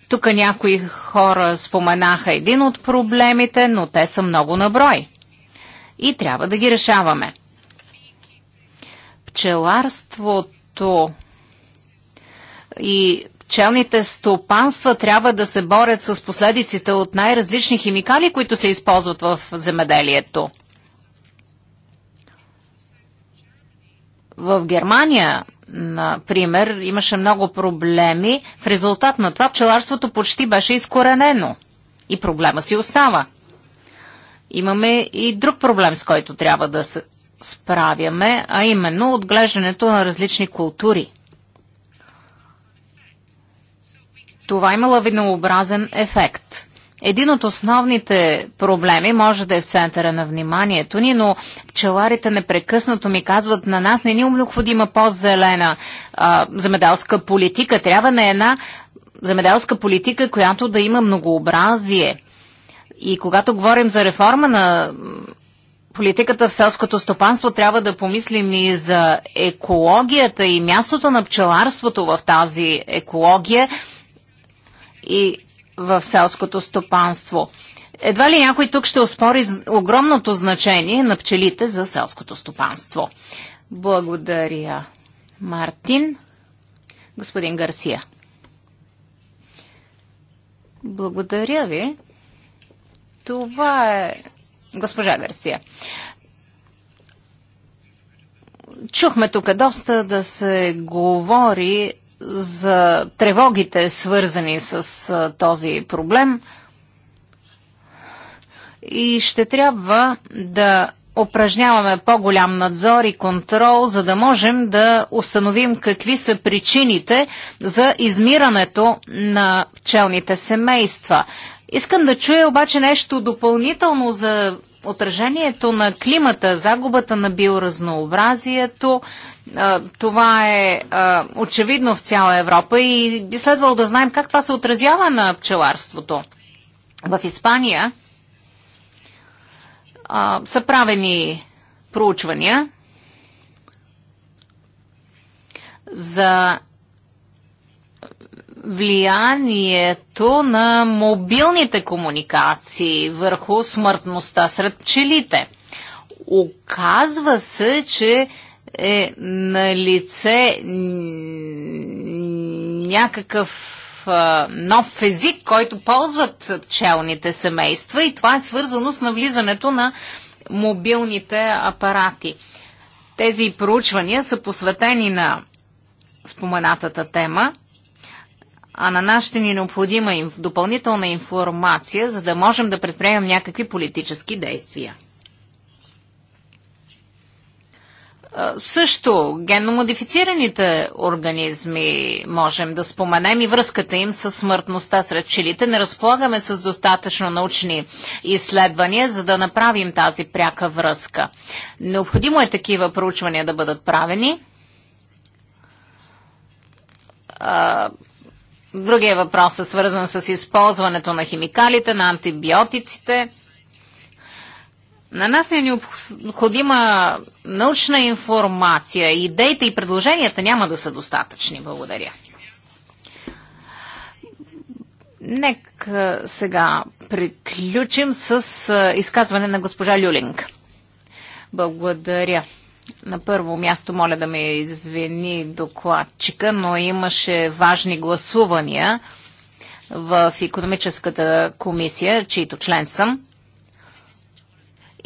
S3: Тук някои хора споменаха един от проблемите, но те са много наброй. И трябва да ги решаваме. Пчеларството и пчелните стопанства трябва да се борят с последиците от най-различни химикали, които се използват в земеделието. В Германия например, имаше много проблеми. В резултат на това пчеларството почти беше изкоренено. И проблема си остава. Имаме и друг проблем, с който трябва да се справяме, а именно отглеждането на различни култури. Това има лавинообразен ефект един от основните проблеми може да е в центъра на вниманието ни, но пчеларите непрекъснато ми казват на нас не ни е необходима по-зелена замедалска политика. Трябва на една замеделска политика, която да има многообразие. И когато говорим за реформа на политиката в селското стопанство, трябва да помислим и за екологията и мястото на пчеларството в тази екология. И в селското стопанство. Едва ли някой тук ще оспори огромното значение на пчелите за селското стопанство. Благодаря, Мартин. Господин Гарсия. Благодаря ви. Това е госпожа Гарсия. Чухме тук доста да се говори за тревогите, свързани с този проблем. И ще трябва да упражняваме по-голям надзор и контрол, за да можем да установим какви са причините за измирането на пчелните семейства. Искам да чуя обаче нещо допълнително за отражението на климата, загубата на биоразнообразието това е очевидно в цяла Европа и би следвало да знаем как това се отразява на пчеларството. В Испания са правени проучвания за влиянието на мобилните комуникации върху смъртността сред пчелите. Оказва се, че е на лице някакъв нов език, който ползват пчелните семейства и това е свързано с навлизането на мобилните апарати. Тези проучвания са посветени на споменатата тема, а на нас ще ни е необходима допълнителна информация, за да можем да предприемем някакви политически действия. Също генномодифицираните организми можем да споменем и връзката им с смъртността сред пчелите. Не разполагаме с достатъчно научни изследвания, за да направим тази пряка връзка. Необходимо е такива проучвания да бъдат правени. Другия въпрос е свързан с използването на химикалите, на антибиотиците – на нас не е необходима научна информация. Идеите и предложенията няма да са достатъчни. Благодаря. Нека сега приключим с изказване на госпожа Люлинг. Благодаря. На първо място моля да ме извини докладчика, но имаше важни гласувания в економическата комисия, чийто член съм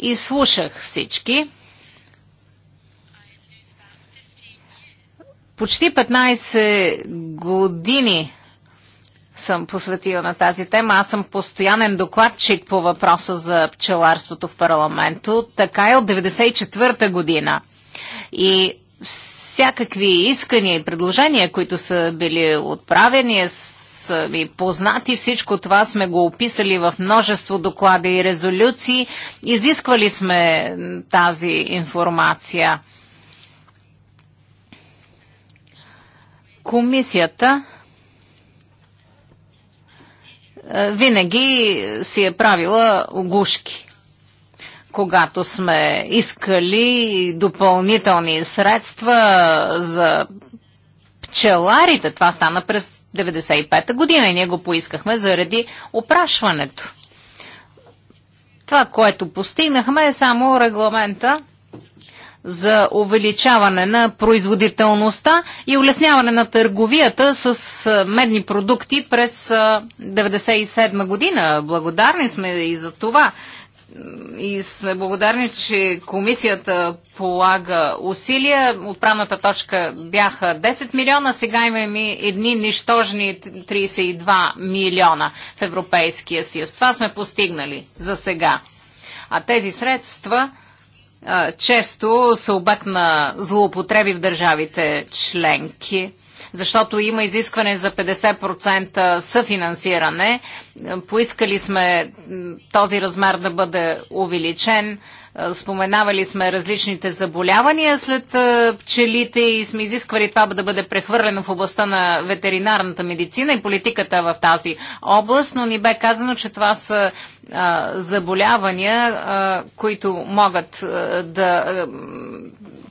S3: изслушах всички. Почти 15 години съм посветила на тази тема. Аз съм постоянен докладчик по въпроса за пчеларството в парламенто. Така е от 1994-та година. И всякакви искания и предложения, които са били отправени, са ви познати. Всичко това сме го описали в множество доклади и резолюции. Изисквали сме тази информация. Комисията е, винаги си е правила огушки. когато сме искали допълнителни средства за пчеларите. Това стана през 1995 година и ние го поискахме заради опрашването. Това, което постигнахме е само регламента за увеличаване на производителността и улесняване на търговията с медни продукти през 1997 година. Благодарни сме и за това и сме благодарни, че комисията полага усилия. Отправната точка бяха 10 милиона, сега имаме и едни нищожни 32 милиона в Европейския съюз. Това сме постигнали за сега. А тези средства често са обект на злоупотреби в държавите членки защото има изискване за 50% съфинансиране. Поискали сме този размер да бъде увеличен. Споменавали сме различните заболявания след пчелите и сме изисквали това да бъде прехвърлено в областта на ветеринарната медицина и политиката в тази област, но ни бе казано, че това са заболявания, които могат да.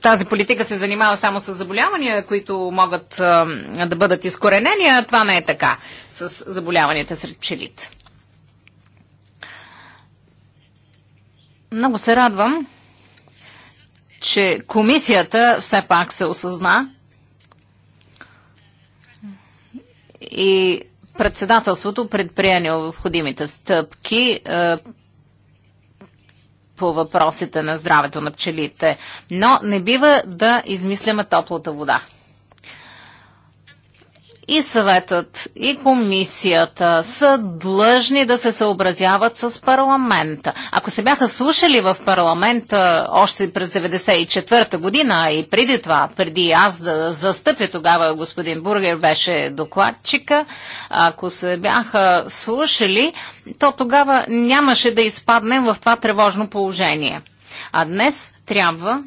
S3: тази политика се занимава само с заболявания, които могат да бъдат изкоренени, а това не е така с заболяванията сред пчелите. Много се радвам, че комисията все пак се осъзна и председателството предприе необходимите стъпки е, по въпросите на здравето на пчелите, но не бива да измисляме топлата вода и съветът, и комисията са длъжни да се съобразяват с парламента. Ако се бяха слушали в парламента още през 1994 година и преди това, преди аз да застъпя тогава господин Бургер беше докладчика, ако се бяха слушали, то тогава нямаше да изпаднем в това тревожно положение. А днес трябва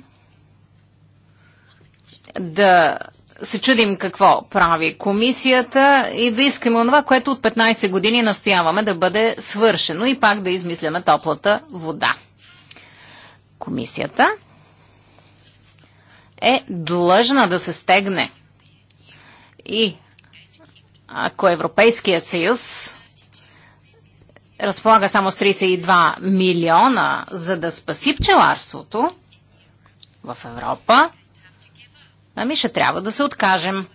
S3: да се чудим какво прави комисията и да искаме онова, което от 15 години настояваме да бъде свършено и пак да измисляме топлата вода. Комисията е длъжна да се стегне и ако Европейският съюз разполага само с 32 милиона за да спаси пчеларството в Европа, Ами ще трябва да се откажем.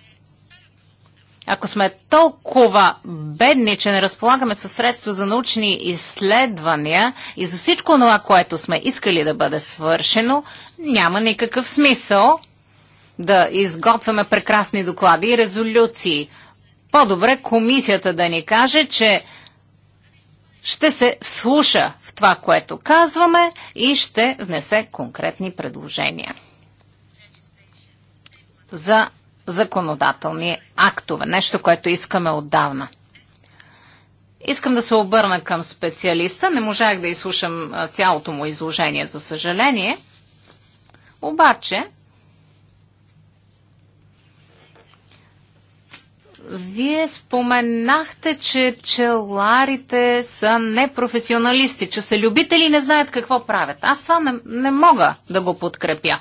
S3: Ако сме толкова бедни, че не разполагаме със средства за научни изследвания и за всичко това, което сме искали да бъде свършено, няма никакъв смисъл да изготвяме прекрасни доклади и резолюции. По-добре комисията да ни каже, че ще се вслуша в това, което казваме и ще внесе конкретни предложения за законодателни актове. Нещо, което искаме отдавна. Искам да се обърна към специалиста. Не можах да изслушам цялото му изложение, за съжаление. Обаче, Вие споменахте, че пчеларите са непрофесионалисти, че са любители и не знаят какво правят. Аз това не, не мога да го подкрепя.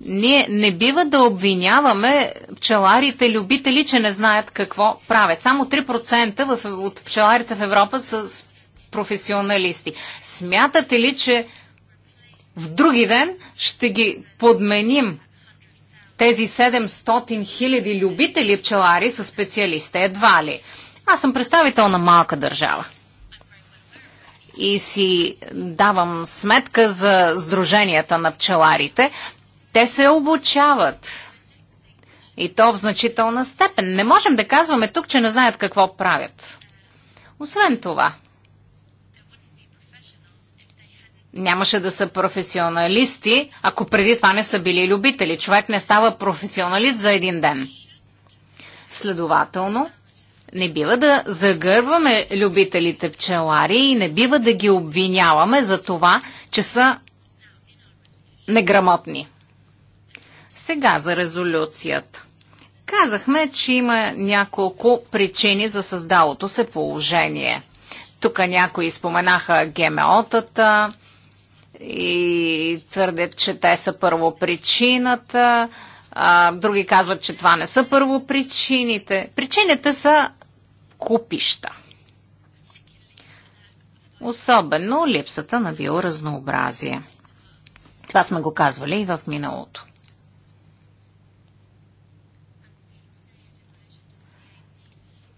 S3: Ние не бива да обвиняваме пчеларите любители, че не знаят какво правят. Само 3% от пчеларите в Европа са професионалисти. Смятате ли, че в други ден ще ги подменим тези 700 хиляди любители пчелари са специалисти, едва ли. Аз съм представител на малка държава. И си давам сметка за сдруженията на пчеларите, те се обучават. И то в значителна степен. Не можем да казваме тук, че не знаят какво правят. Освен това, нямаше да са професионалисти, ако преди това не са били любители. Човек не става професионалист за един ден. Следователно, не бива да загърбваме любителите пчелари и не бива да ги обвиняваме за това, че са неграмотни. Сега за резолюцията. Казахме, че има няколко причини за създалото се положение. Тук някои споменаха ГМО-тата и твърдят, че те са първопричината. А, други казват, че това не са първопричините. Причините са купища. Особено липсата на биоразнообразие. Това сме го казвали и в миналото.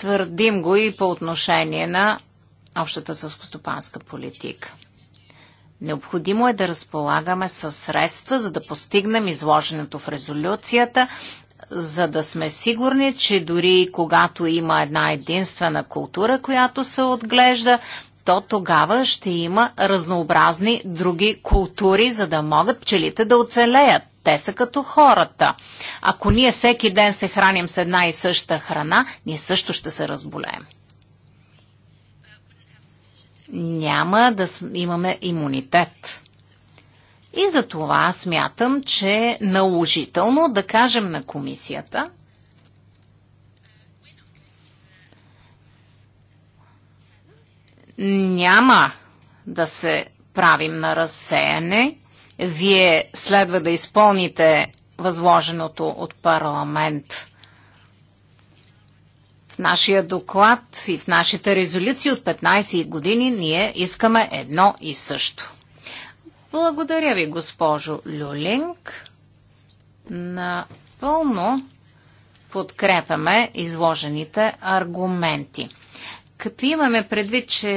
S3: Твърдим го и по отношение на общата сълскостопанска политика. Необходимо е да разполагаме със средства, за да постигнем изложеното в резолюцията, за да сме сигурни, че дори когато има една единствена култура, която се отглежда, то тогава ще има разнообразни други култури, за да могат пчелите да оцелеят. Те са като хората. Ако ние всеки ден се храним с една и съща храна, ние също ще се разболеем. Няма да имаме имунитет. И за това смятам, че е наложително да кажем на комисията, няма да се правим на разсеяне, вие следва да изпълните възложеното от парламент. В нашия доклад и в нашите резолюции от 15 години ние искаме едно и също. Благодаря ви, госпожо Люлинг. Напълно подкрепяме изложените аргументи. Като имаме предвид, че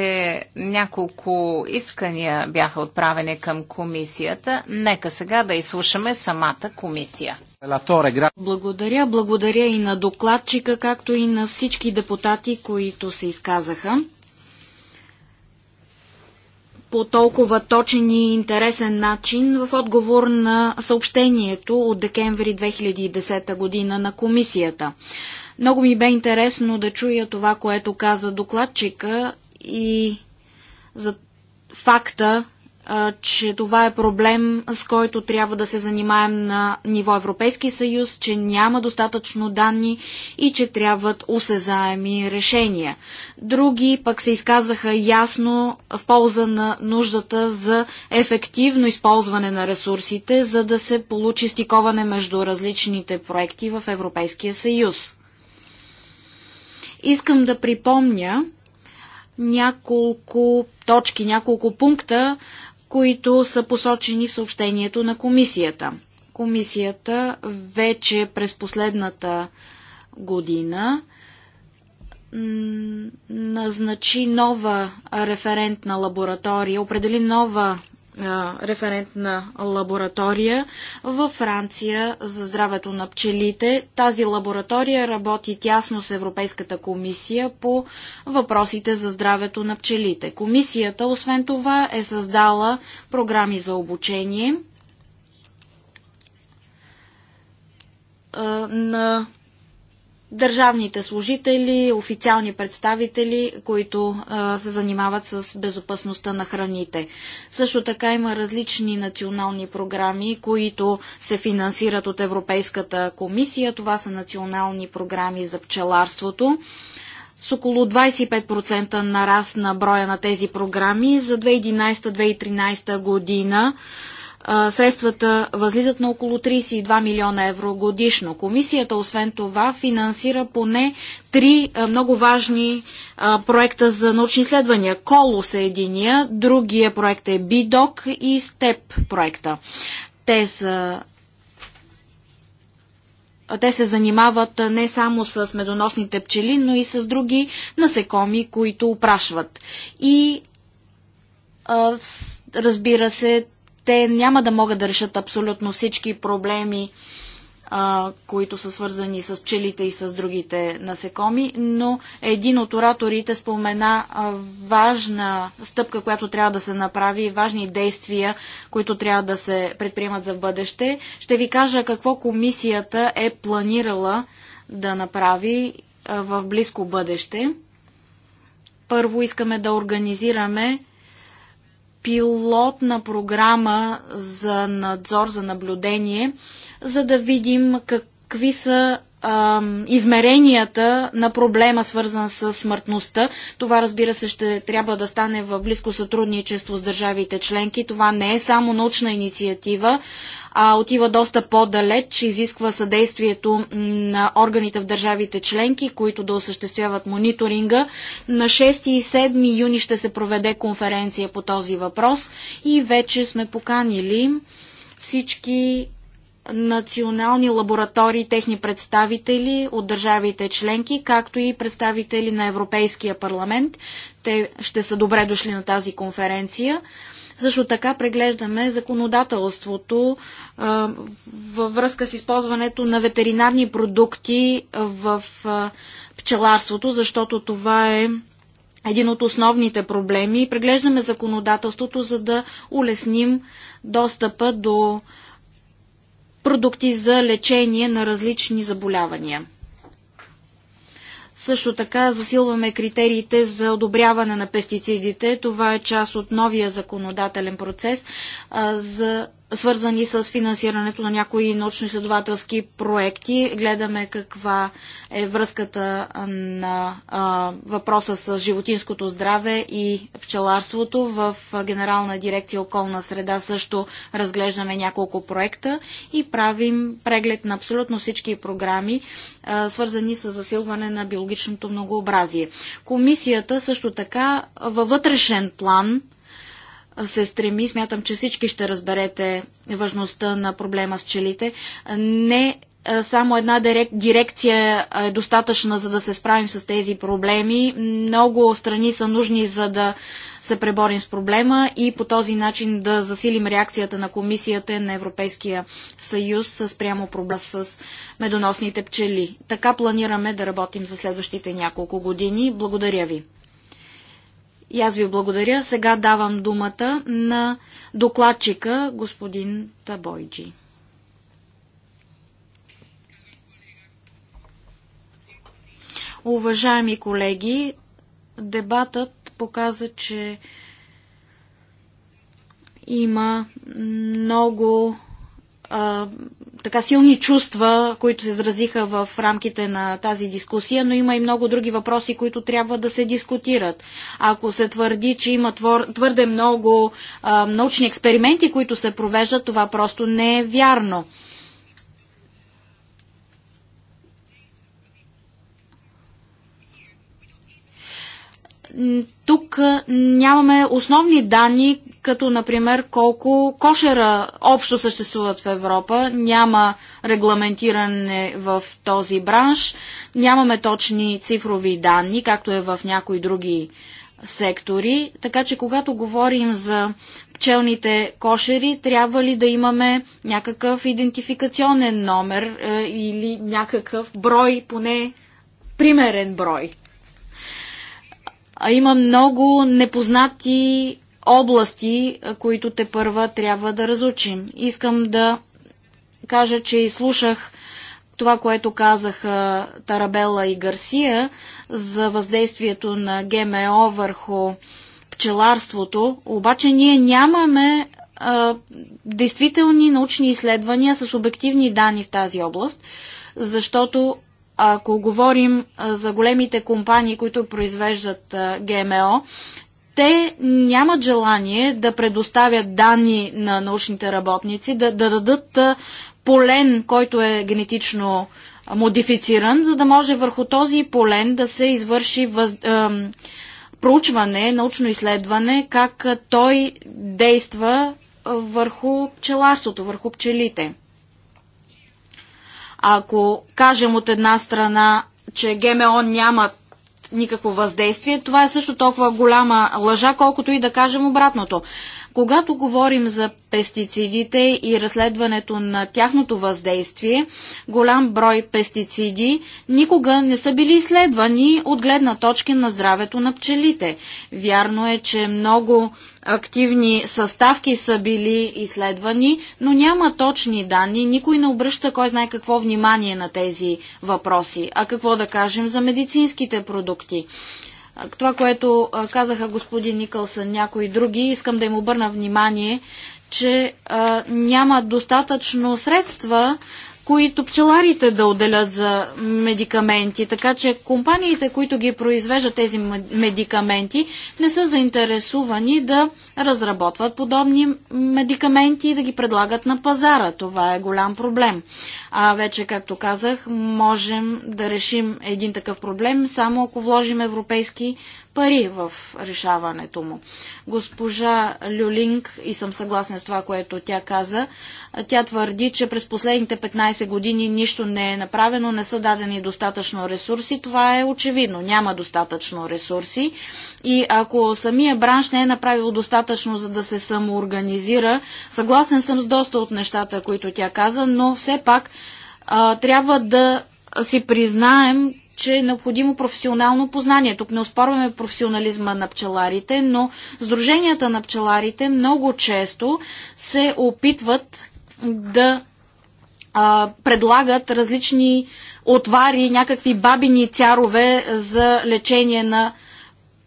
S3: няколко искания бяха отправени към комисията, нека сега да изслушаме самата
S2: комисия. Благодаря, благодаря и на докладчика, както и на всички депутати, които се изказаха по толкова точен и интересен начин в отговор на съобщението от декември 2010 година на комисията. Много ми бе интересно да чуя това, което каза докладчика и за факта, че това е проблем, с който трябва да се занимаем на ниво Европейски съюз, че няма достатъчно данни и че трябват осезаеми решения. Други пък се изказаха ясно в полза на нуждата за ефективно използване на ресурсите, за да се получи стиковане между различните проекти в Европейския съюз. Искам да припомня няколко точки, няколко пункта, които са посочени в съобщението на комисията. Комисията вече през последната година назначи нова референтна лаборатория, определи нова референтна лаборатория във Франция за здравето на пчелите. Тази лаборатория работи тясно с Европейската комисия по въпросите за здравето на пчелите. Комисията, освен това, е създала програми за обучение на държавните служители, официални представители, които се занимават с безопасността на храните. Също така има различни национални програми, които се финансират от Европейската комисия. Това са национални програми за пчеларството. С около 25% нарасна броя на тези програми за 2011-2013 година средствата възлизат на около 32 милиона евро годишно. Комисията, освен това, финансира поне три много важни проекта за научни изследвания. Колос е единия, другия проект е БИДОК и СТЕП проекта. Те са те се занимават не само с медоносните пчели, но и с други насекоми, които опрашват. И разбира се, те няма да могат да решат абсолютно всички проблеми, а, които са свързани с пчелите и с другите насекоми, но един от ораторите спомена важна стъпка, която трябва да се направи, важни действия, които трябва да се предприемат за бъдеще. Ще ви кажа какво комисията е планирала да направи а, в близко бъдеще. Първо искаме да организираме пилотна програма за надзор, за наблюдение, за да видим какви са измеренията на проблема, свързан с смъртността. Това, разбира се, ще трябва да стане в близко сътрудничество с държавите членки. Това не е само научна инициатива, а отива доста по-далеч, изисква съдействието на органите в държавите членки, които да осъществяват мониторинга. На 6 и 7 юни ще се проведе конференция по този въпрос и вече сме поканили всички национални лаборатории, техни представители от държавите членки, както и представители на Европейския парламент. Те ще са добре дошли на тази конференция. Също така преглеждаме законодателството а, във връзка с използването на ветеринарни продукти в а, пчеларството, защото това е един от основните проблеми. Преглеждаме законодателството, за да улесним достъпа до продукти за лечение на различни заболявания. Също така засилваме критериите за одобряване на пестицидите. Това е част от новия законодателен процес а, за свързани с финансирането на някои научно-изследователски проекти. Гледаме каква е връзката на а, въпроса с животинското здраве и пчеларството. В Генерална дирекция околна среда също разглеждаме няколко проекта и правим преглед на абсолютно всички програми, а, свързани с засилване на биологичното многообразие. Комисията също така във вътрешен план се стреми, смятам, че всички ще разберете важността на проблема с пчелите. Не само една дирекция е достатъчна, за да се справим с тези проблеми. Много страни са нужни, за да се преборим с проблема и по този начин да засилим реакцията на комисията на Европейския съюз прямо проблем с медоносните пчели. Така планираме да работим за следващите няколко години. Благодаря ви. И аз ви благодаря. Сега давам думата на докладчика господин Табойджи. Уважаеми колеги, дебатът показа, че има много така силни чувства, които се изразиха в рамките на тази дискусия, но има и много други въпроси, които трябва да се дискутират. Ако се твърди, че има твор, твърде много а, научни експерименти, които се провеждат, това просто не е вярно. тук нямаме основни данни, като например колко кошера общо съществуват в Европа. Няма регламентиране в този бранш, нямаме точни цифрови данни, както е в някои други сектори, така че когато говорим за пчелните кошери, трябва ли да имаме някакъв идентификационен номер е, или някакъв брой, поне примерен брой. А има много непознати области, които те първа трябва да разучим. Искам да кажа, че изслушах това, което казаха Тарабела и Гарсия за въздействието на ГМО върху пчеларството, обаче ние нямаме а, действителни научни изследвания с обективни данни в тази област, защото ако говорим за големите компании, които произвеждат ГМО, те нямат желание да предоставят данни на научните работници, да, да дадат полен, който е генетично модифициран, за да може върху този полен да се извърши въз, ем, проучване, научно изследване, как той действа върху пчеларството, върху пчелите. Ако кажем от една страна, че ГМО нямат никакво въздействие. Това е също толкова голяма лъжа, колкото и да кажем обратното. Когато говорим за пестицидите и разследването на тяхното въздействие, голям брой пестициди никога не са били изследвани от гледна точка на здравето на пчелите. Вярно е, че много активни съставки са били изследвани, но няма точни данни. Никой не обръща кой знае какво внимание на тези въпроси. А какво да кажем за медицинските продукти? Това, което казаха господин Никълсън, някои други, искам да им обърна внимание, че а, няма достатъчно средства които пчеларите да отделят за медикаменти. Така че компаниите, които ги произвеждат тези медикаменти, не са заинтересувани да разработват подобни медикаменти и да ги предлагат на пазара. Това е голям проблем. А вече, както казах, можем да решим един такъв проблем, само ако вложим европейски пари в решаването му. Госпожа Люлинг, и съм съгласна с това, което тя каза, тя твърди, че през последните 15 години нищо не е направено, не са дадени достатъчно ресурси. Това е очевидно. Няма достатъчно ресурси. И ако самия бранш не е направил достатъчно, за да се самоорганизира, съгласен съм с доста от нещата, които тя каза, но все пак а, трябва да си признаем, че е необходимо професионално познание. Тук не оспорваме професионализма на пчеларите, но сдруженията на пчеларите много често се опитват да а, предлагат различни отвари, някакви бабини цярове за лечение на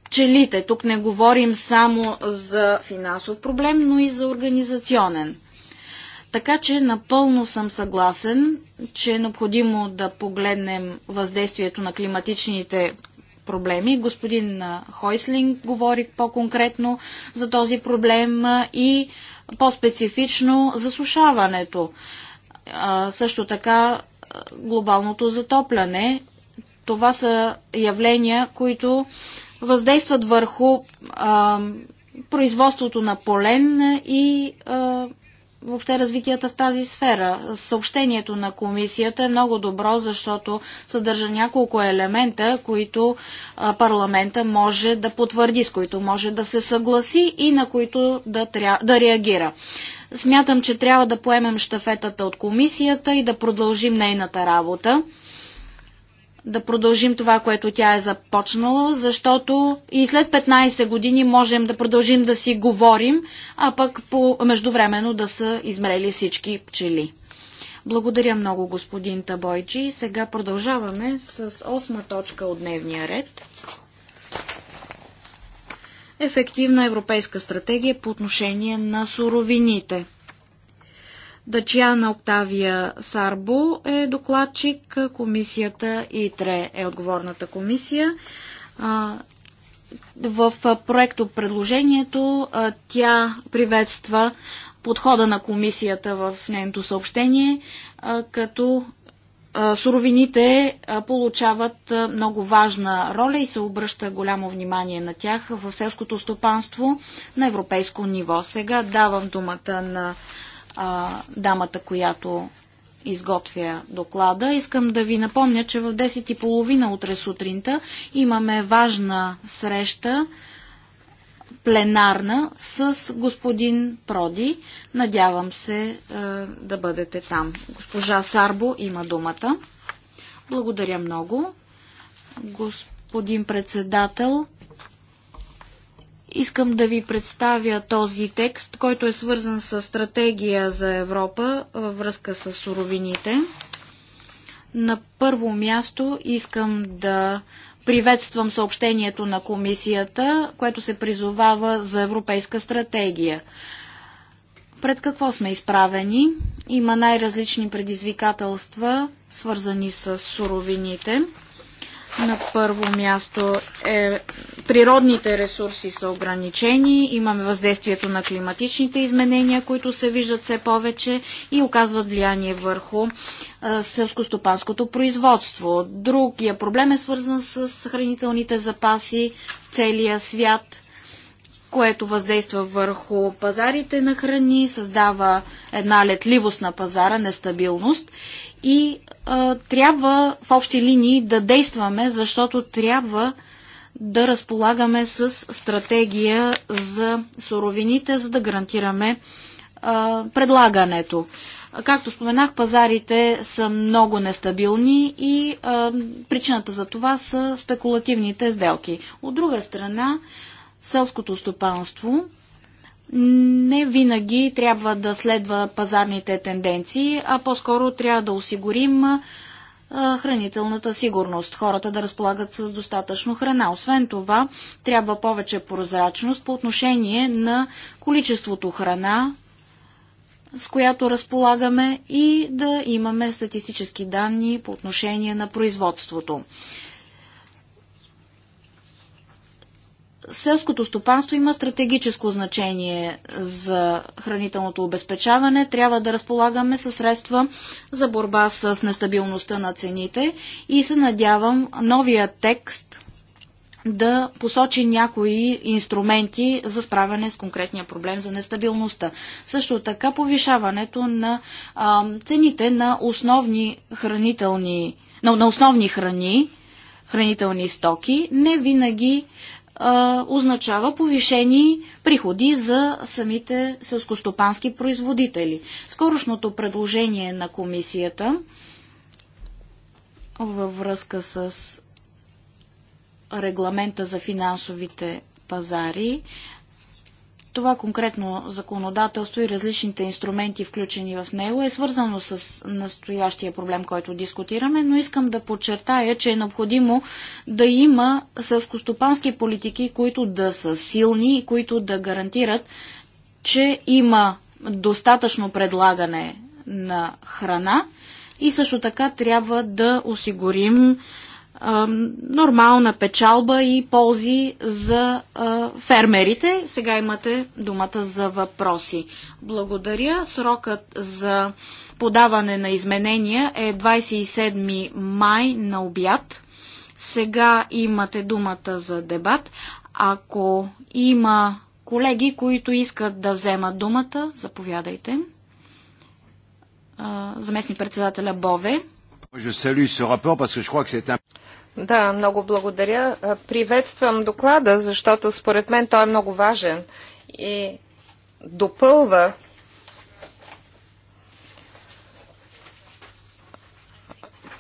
S2: пчелите. Тук не говорим само за финансов проблем, но и за организационен. Така че напълно съм съгласен, че е необходимо да погледнем въздействието на климатичните проблеми. Господин Хойслинг говори по-конкретно за този проблем и по-специфично засушаването. А, също така глобалното затопляне. Това са явления, които въздействат върху а, производството на полен и а, въобще развитията в тази сфера. Съобщението на комисията е много добро, защото съдържа няколко елемента, които парламента може да потвърди, с които може да се съгласи и на които да, тря... да реагира. Смятам, че трябва да поемем штафетата от комисията и да продължим нейната работа да продължим това, което тя е започнала, защото и след 15 години можем да продължим да си говорим, а пък по, междувременно да са измрели всички пчели. Благодаря много, господин Табойчи. Сега продължаваме с осма точка от дневния ред. Ефективна европейска стратегия по отношение на суровините – Дачиана Октавия Сарбо е докладчик. Комисията ИТРЕ е отговорната комисия. В проекто предложението тя приветства подхода на комисията в нейното съобщение, като суровините получават много важна роля и се обръща голямо внимание на тях в селското стопанство на европейско ниво. Сега давам думата на а, дамата, която изготвя доклада. Искам да ви напомня, че в 10.30 утре сутринта имаме важна среща пленарна с господин Проди. Надявам се е, да бъдете там. Госпожа Сарбо има думата. Благодаря много. Господин председател, Искам да ви представя този текст, който е свързан с стратегия за Европа във връзка с суровините. На първо място искам да приветствам съобщението на комисията, което се призовава за европейска стратегия. Пред какво сме изправени? Има най-различни предизвикателства, свързани с суровините – на първо място е, природните ресурси са ограничени, имаме въздействието на климатичните изменения, които се виждат все повече и оказват влияние върху селскостопанското производство. Другия проблем е свързан с хранителните запаси в целия свят, което въздейства върху пазарите на храни, създава една летливост на пазара, нестабилност и а, трябва в общи линии да действаме, защото трябва да разполагаме с стратегия за суровините, за да гарантираме а, предлагането. Както споменах, пазарите са много нестабилни и а, причината за това са спекулативните сделки. От друга страна, селското стопанство не винаги трябва да следва пазарните тенденции, а по-скоро трябва да осигурим хранителната сигурност, хората да разполагат с достатъчно храна. Освен това, трябва повече прозрачност по отношение на количеството храна, с която разполагаме и да имаме статистически данни по отношение на производството. Селското стопанство има стратегическо значение за хранителното обезпечаване. Трябва да разполагаме със средства за борба с нестабилността на цените и се надявам новия текст да посочи някои инструменти за справяне с конкретния проблем за нестабилността. Също така повишаването на а, цените на основни хранителни, на, на основни храни, хранителни стоки, не винаги а, означава повишени приходи за самите селскостопански производители. Скорошното предложение на комисията във връзка с регламента за финансовите пазари това конкретно законодателство и различните инструменти, включени в него, е свързано с настоящия проблем, който дискутираме, но искам да подчертая, че е необходимо да има сълскостопански политики, които да са силни и които да гарантират, че има достатъчно предлагане на храна и също така трябва да осигурим нормална печалба и ползи за фермерите. Сега имате думата за въпроси. Благодаря. Срокът за подаване на изменения е 27 май на обяд. Сега имате думата за дебат. Ако има колеги, които искат да вземат думата, заповядайте. заместни председателя Бове. Да, много благодаря.
S1: Приветствам доклада, защото според мен той е много важен и допълва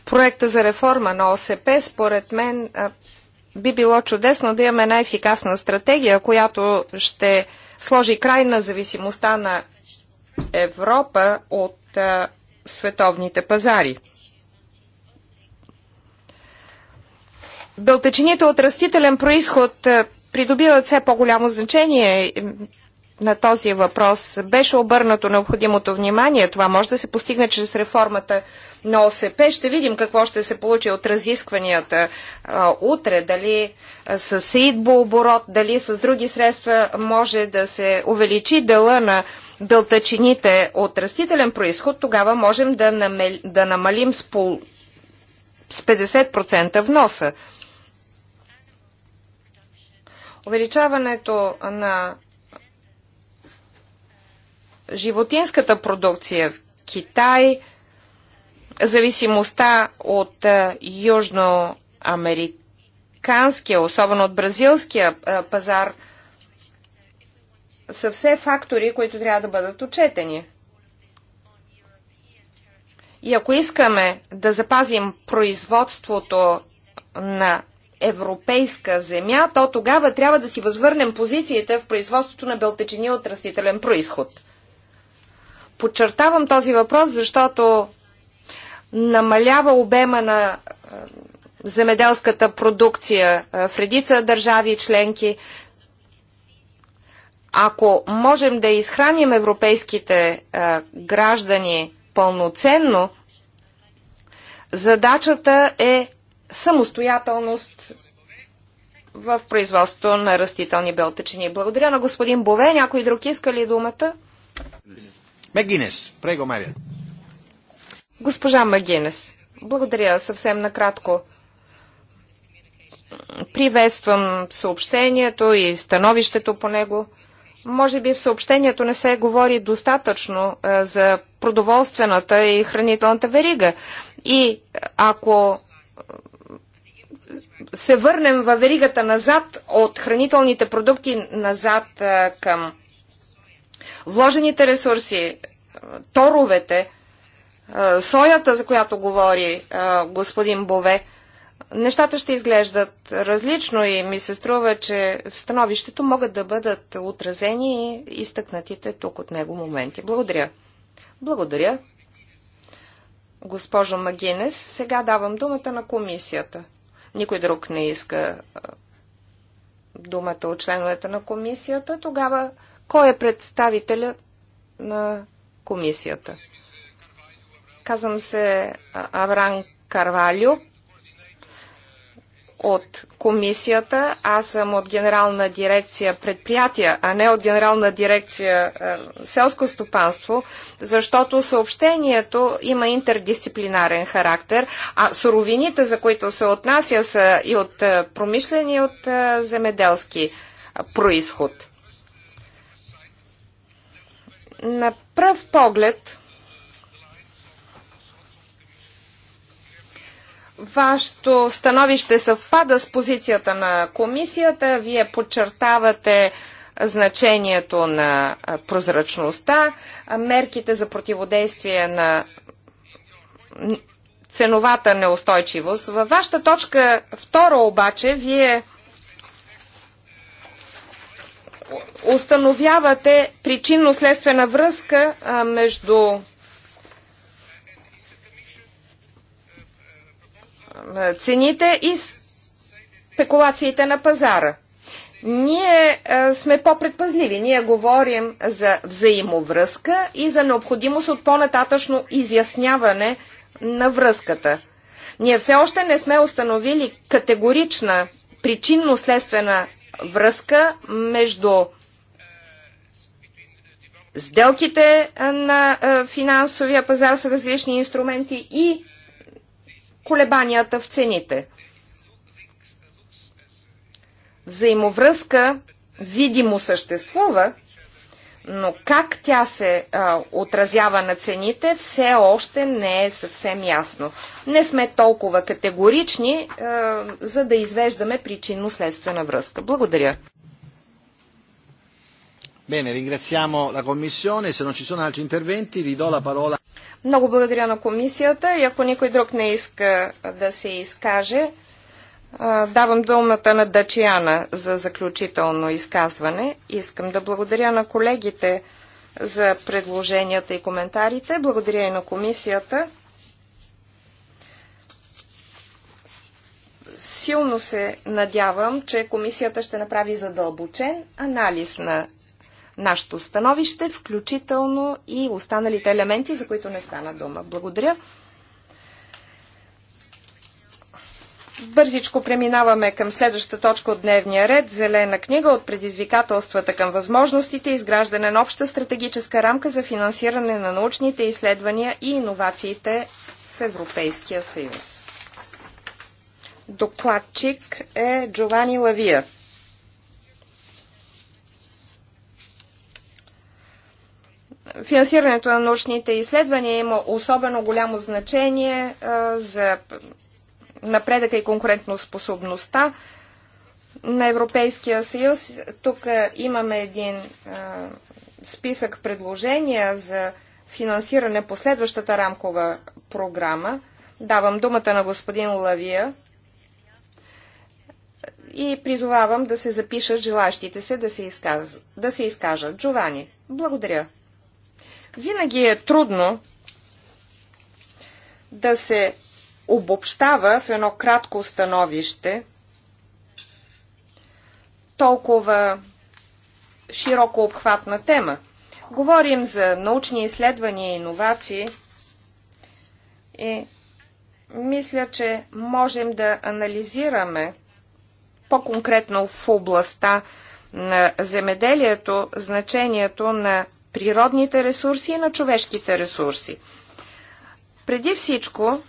S1: проекта за реформа на ОСП. Според мен би било чудесно да имаме най-ефикасна стратегия, която ще сложи край на зависимостта на Европа от световните пазари. белтъчините от растителен происход е, придобиват все по-голямо значение е, на този въпрос. Беше обърнато необходимото внимание. Това може да се постигне чрез реформата на ОСП. Ще видим какво ще се получи от разискванията а, е, утре. Дали а, с идбооборот, дали с други средства може да се увеличи дела на белтачините от растителен происход. Тогава можем да, намали, да намалим с, пол... с 50% вноса. Увеличаването на животинската продукция в Китай, зависимостта от е, южноамериканския, особено от бразилския е, пазар, са все фактори, които трябва да бъдат отчетени. И ако искаме да запазим производството на европейска земя, то тогава трябва да си възвърнем позицията в производството на белтечини от растителен происход. Подчертавам този въпрос, защото намалява обема на е, земеделската продукция е, в редица държави и членки. Ако можем да изхраним европейските е, граждани пълноценно, задачата е самостоятелност в производството на растителни белтъчини. Благодаря на господин Бове. Някой друг иска ли думата?
S2: Магинес. Прего, Мария.
S1: Госпожа Магинес. Благодаря съвсем накратко. Приветствам съобщението и становището по него. Може би в съобщението не се говори достатъчно е, за продоволствената и хранителната верига. И ако се върнем във веригата назад от хранителните продукти назад към вложените ресурси, торовете, соята, за която говори господин Бове, нещата ще изглеждат различно и ми се струва, че в становището могат да бъдат отразени и изтъкнатите тук от него моменти. Благодаря. Благодаря. Госпожо Магинес, сега давам думата на комисията никой друг не иска думата от членовете на комисията, тогава кой е представителя на комисията? Казвам се Авран Карвалю от комисията. Аз съм от генерална дирекция предприятия, а не от генерална дирекция е, селско стопанство, защото съобщението има интердисциплинарен характер, а суровините, за които се отнася, са и от е, промишлени, и от е, земеделски е, происход. На пръв поглед, Вашето становище съвпада с позицията на комисията. Вие подчертавате значението на прозрачността, мерките за противодействие на ценовата неустойчивост. Във вашата точка втора обаче вие установявате причинно-следствена връзка между Е, цените и спекулациите на пазара. Ние е, сме по-предпазливи. Ние говорим за взаимовръзка и за необходимост от по-нататъчно изясняване на връзката. Ние все още не сме установили категорична причинно-следствена връзка между сделките е, на финансовия пазар с различни инструменти и колебанията в цените. Взаимовръзка видимо съществува, но как тя се а, отразява на цените, все още не е съвсем ясно. Не сме толкова категорични, а, за да извеждаме причинно-следствена връзка. Благодаря.
S2: Bene, ringraziamo
S1: la Commissione. Se non ci sono altri interventi, ridò la parola. Много благодаря на комисията и ако никой друг не иска да се изкаже, давам думата на Дачиана за заключително изказване. Искам да благодаря на колегите за предложенията и коментарите. Благодаря и на комисията. Силно се надявам, че комисията ще направи задълбочен анализ на нашето становище, включително и останалите елементи, за които не стана дума. Благодаря. Бързичко преминаваме към следващата точка от дневния ред – Зелена книга от предизвикателствата към възможностите, изграждане на обща стратегическа рамка за финансиране на научните изследвания и иновациите в Европейския съюз. Докладчик е Джовани Лавия. финансирането на научните изследвания има особено голямо значение за напредъка и конкурентоспособността на Европейския съюз. Тук имаме един списък предложения за финансиране по следващата рамкова програма. Давам думата на господин Лавия и призовавам да се запишат желащите се да се изкажат. Джовани, благодаря, винаги е трудно да се обобщава в едно кратко становище толкова широко обхватна тема. Говорим за научни изследвания и иновации и мисля, че можем да анализираме по-конкретно в областта на земеделието значението на природните ресурси и на човешките ресурси. Преди всичко,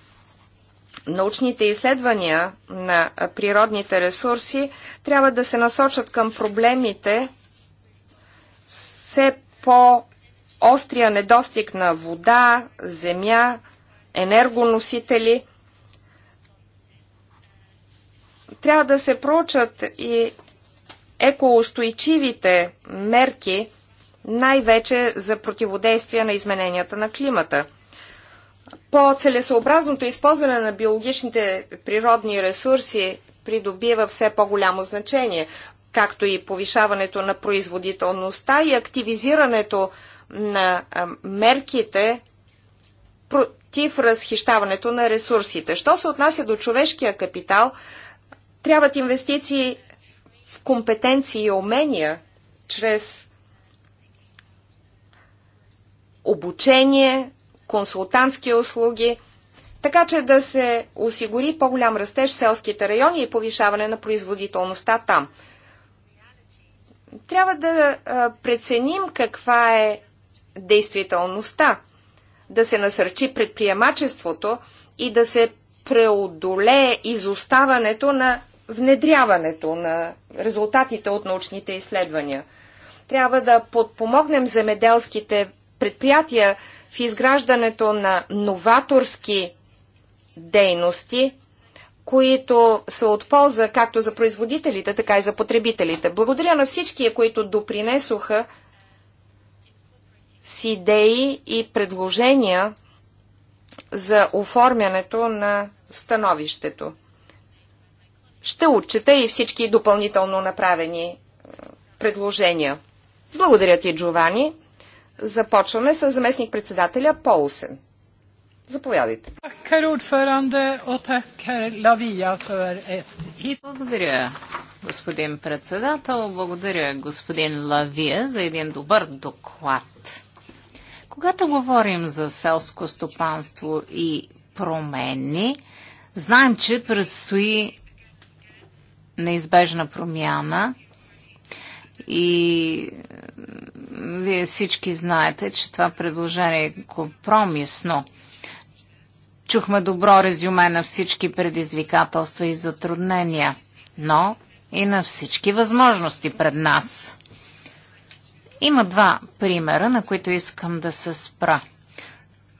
S1: научните изследвания на природните ресурси трябва да се насочат към проблемите все по-острия недостиг на вода, земя, енергоносители. Трябва да се проучат и екоустойчивите мерки най-вече за противодействие на измененията на климата. По-целесообразното използване на биологичните природни ресурси придобива все по-голямо значение, както и повишаването на производителността и активизирането на мерките против разхищаването на ресурсите. Що се отнася до човешкия капитал, трябват инвестиции в компетенции и умения чрез обучение, консултантски услуги, така че да се осигури по-голям растеж в селските райони и повишаване на производителността там. Трябва да преценим каква е действителността, да се насърчи предприемачеството и да се преодолее изоставането на внедряването на резултатите от научните изследвания. Трябва да подпомогнем земеделските предприятия в изграждането на новаторски дейности, които са от полза както за производителите, така и за потребителите. Благодаря на всички, които допринесоха с идеи и предложения за оформянето на становището. Ще отчета и всички допълнително направени е, предложения. Благодаря ти, Джовани. Започваме с заместник-председателя Полсен. Заповядайте.
S3: Благодаря, господин председател. Благодаря, господин Лавия, за един добър доклад. Когато говорим за селско стопанство и промени, знаем, че предстои неизбежна промяна и вие всички знаете, че това предложение е компромисно. Чухме добро резюме на всички предизвикателства и затруднения, но и на всички възможности пред нас. Има два примера, на които искам да се спра.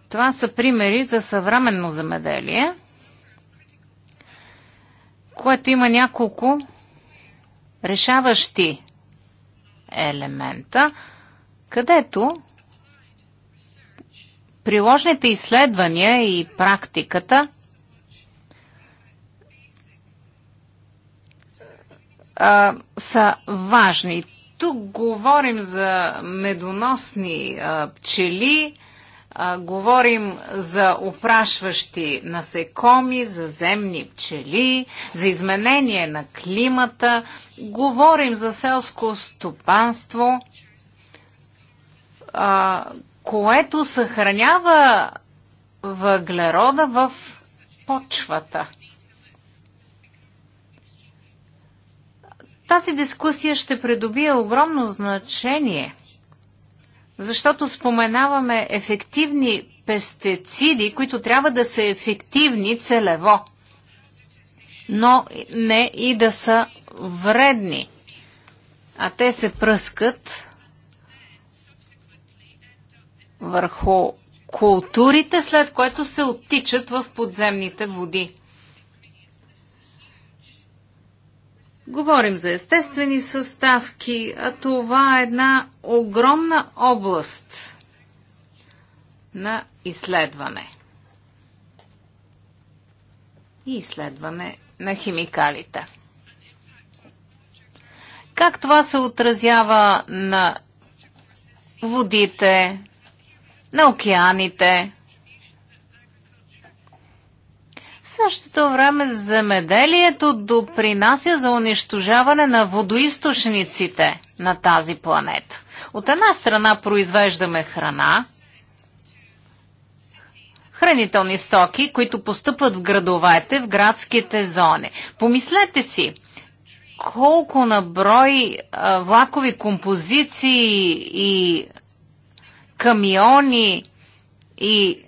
S3: Това са примери за съвременно замеделие, което има няколко решаващи елемента – където приложните изследвания и практиката а, са важни. Тук говорим за медоносни а, пчели, а, говорим за опрашващи насекоми, за земни пчели, за изменение на климата, говорим за селско стопанство – а, което съхранява въглерода в почвата. Тази дискусия ще придобие огромно значение, защото споменаваме ефективни пестициди, които трябва да са ефективни целево, но не и да са вредни. А те се пръскат върху културите, след което се оттичат в подземните води. Говорим за естествени съставки, а това е една огромна област на изследване. И изследване на химикалите. Как това се отразява на водите, на океаните. В същото време земеделието допринася за унищожаване на водоисточниците на тази планета. От една страна произвеждаме храна, хранителни стоки, които постъпват в градовете, в градските зони. Помислете си, колко на брой влакови композиции и камиони и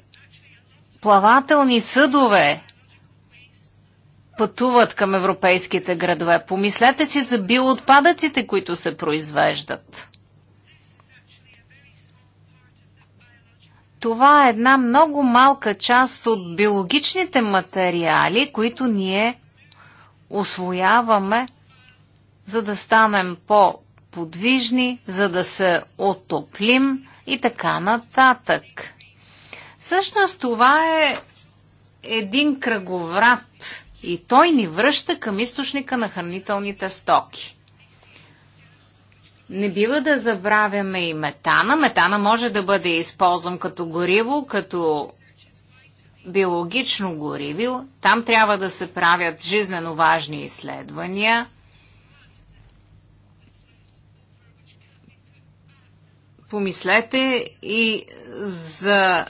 S3: плавателни съдове пътуват към европейските градове. Помислете си за биоотпадъците, които се произвеждат. Това е една много малка част от биологичните материали, които ние освояваме, за да станем по-подвижни, за да се отоплим и така нататък. Същност това е един кръговрат и той ни връща към източника на хранителните стоки. Не бива да забравяме и метана. Метана може да бъде използван като гориво, като биологично гориво. Там трябва да се правят жизнено важни изследвания – Помислете и за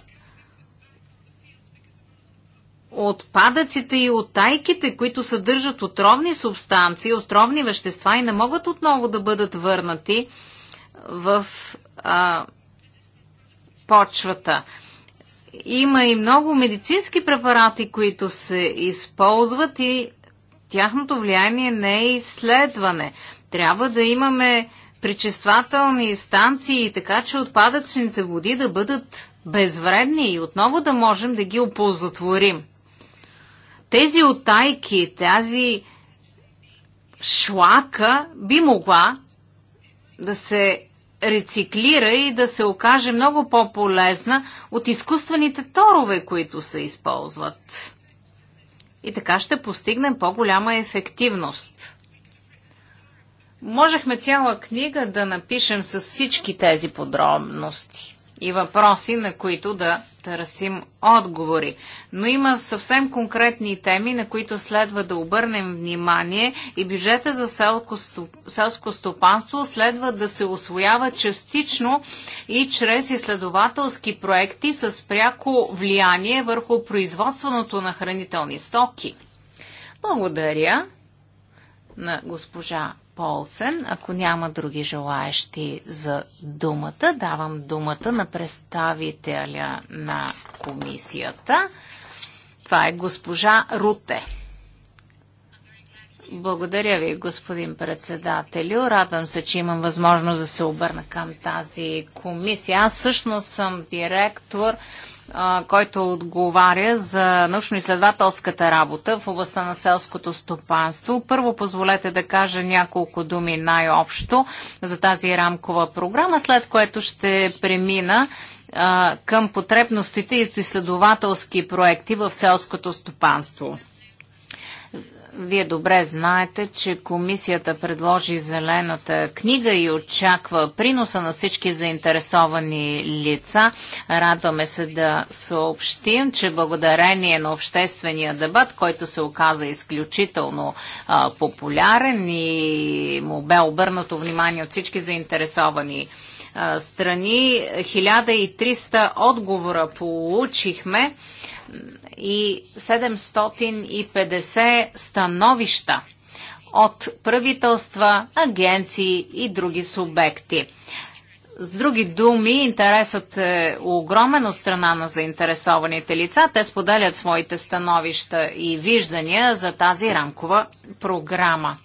S3: отпадъците и отайките, които съдържат отровни субстанции, отровни вещества и не могат отново да бъдат върнати в а, почвата. Има и много медицински препарати, които се използват и тяхното влияние не е изследване. Трябва да имаме Пречествателни станции, така че отпадъчните води да бъдат безвредни и отново да можем да ги оползотворим. Тези отайки, тази шлака би могла да се рециклира и да се окаже много по-полезна от изкуствените торове, които се използват. И така ще постигнем по-голяма ефективност. Можехме цяла книга да напишем с всички тези подробности и въпроси, на които да търсим отговори. Но има съвсем конкретни теми, на които следва да обърнем внимание и бюджета за селско стопанство следва да се освоява частично и чрез изследователски проекти с пряко влияние върху производството на хранителни стоки. Благодаря на госпожа Полсен. Ако няма други желаящи за думата, давам думата на представителя на комисията. Това е госпожа Руте. Благодаря ви, господин председателю. Радвам се, че имам възможност да се обърна към тази комисия. Аз всъщност съм директор който отговаря за научно-изследователската работа в областта на селското стопанство. Първо позволете да кажа няколко думи най-общо за тази рамкова програма, след което ще премина към потребностите и изследователски проекти в селското стопанство. Вие добре знаете, че комисията предложи зелената книга и очаква приноса на всички заинтересовани лица. Радваме се да съобщим, че благодарение на обществения дебат, който се оказа изключително а, популярен и му бе обърнато внимание от всички заинтересовани а, страни, 1300 отговора получихме и 750 становища от правителства, агенции и други субекти. С други думи, интересът е огромен от страна на заинтересованите лица. Те споделят своите становища и виждания за тази рамкова програма.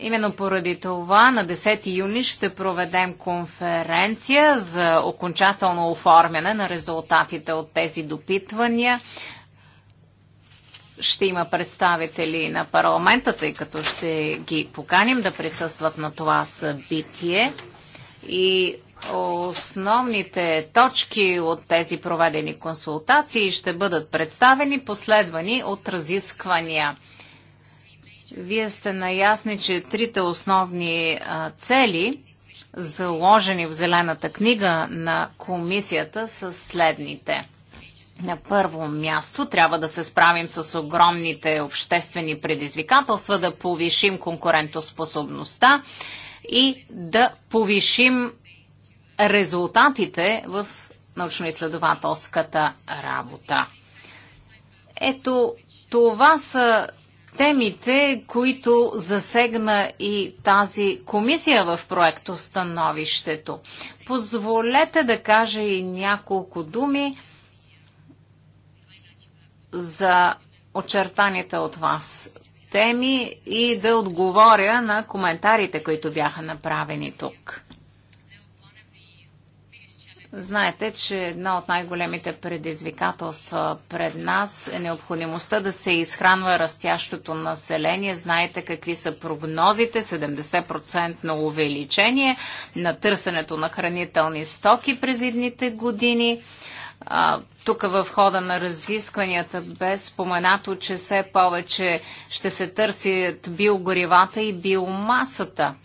S3: Именно поради това на 10 юни ще проведем конференция за окончателно оформяне на резултатите от тези допитвания. Ще има представители на парламента, тъй като ще ги поканим да присъстват на това събитие. И основните точки от тези проведени консултации ще бъдат представени, последвани от разисквания. Вие сте наясни, че трите основни цели, заложени в Зелената книга на комисията, са следните. На първо място трябва да се справим с огромните обществени предизвикателства, да повишим конкурентоспособността и да повишим резултатите в научно-изследователската работа. Ето това са темите, които засегна и тази комисия в проекто становището. Позволете да кажа и няколко думи за очертаните от вас теми и да отговоря на коментарите, които бяха направени тук. Знаете, че едно от най-големите предизвикателства пред нас е необходимостта да се изхранва растящото население. Знаете какви са прогнозите 70% на увеличение на търсенето на хранителни стоки през едните години. тук в хода на разискванията бе споменато, че все повече ще се търсят биогоривата и биомасата –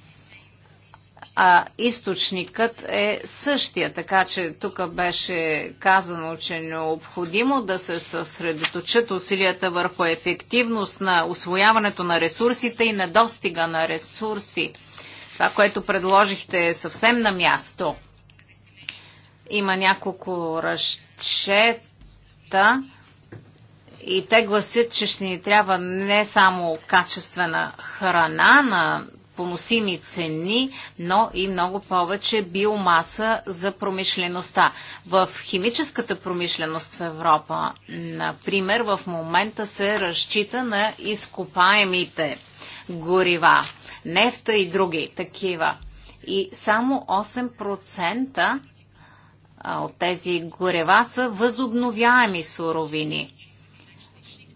S3: а източникът е същия. Така че тук беше казано, че е необходимо да се съсредоточат усилията върху ефективност на освояването на ресурсите и недостига на ресурси. Това, което предложихте е съвсем на място. Има няколко разчета и те гласят, че ще ни трябва не само качествена храна на поносими цени, но и много повече биомаса за промишлеността. В химическата промишленост в Европа, например, в момента се разчита на изкопаемите горива, нефта и други такива. И само 8% от тези горева са възобновяеми суровини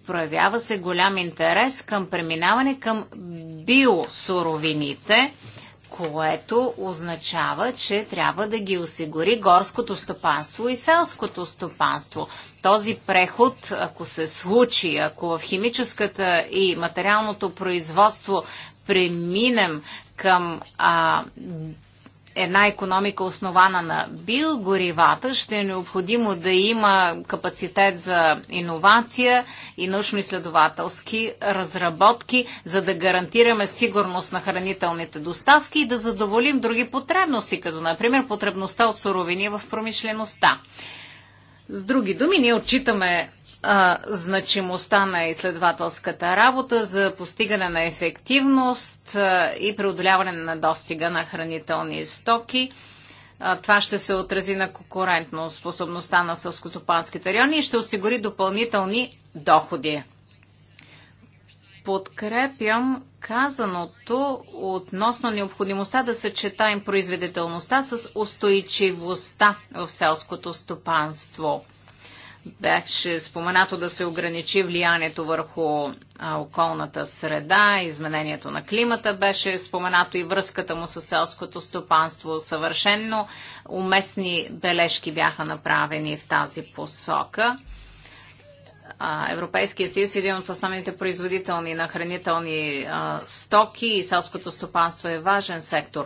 S3: проявява се голям интерес към преминаване към биосуровините, което означава, че трябва да ги осигури горското стопанство и селското стопанство. Този преход, ако се случи, ако в химическата и материалното производство преминем към а, една економика основана на биогоривата, ще е необходимо да има капацитет за иновация и научно-изследователски разработки, за да гарантираме сигурност на хранителните доставки и да задоволим други потребности, като например потребността от суровини в промишлеността. С други думи, ние отчитаме а, значимостта на изследователската работа за постигане на ефективност а, и преодоляване на достига на хранителни стоки. А, това ще се отрази на конкурентно способността на сълскотопанските райони и ще осигури допълнителни доходи. Подкрепям казаното относно необходимостта да съчетаем произведителността с устойчивостта в селското стопанство беше споменато да се ограничи влиянието върху а, околната среда, изменението на климата беше споменато и връзката му с селското стопанство. Съвършенно уместни бележки бяха направени в тази посока. Европейския съюз е един от основните производителни на хранителни а, стоки и селското стопанство е важен сектор.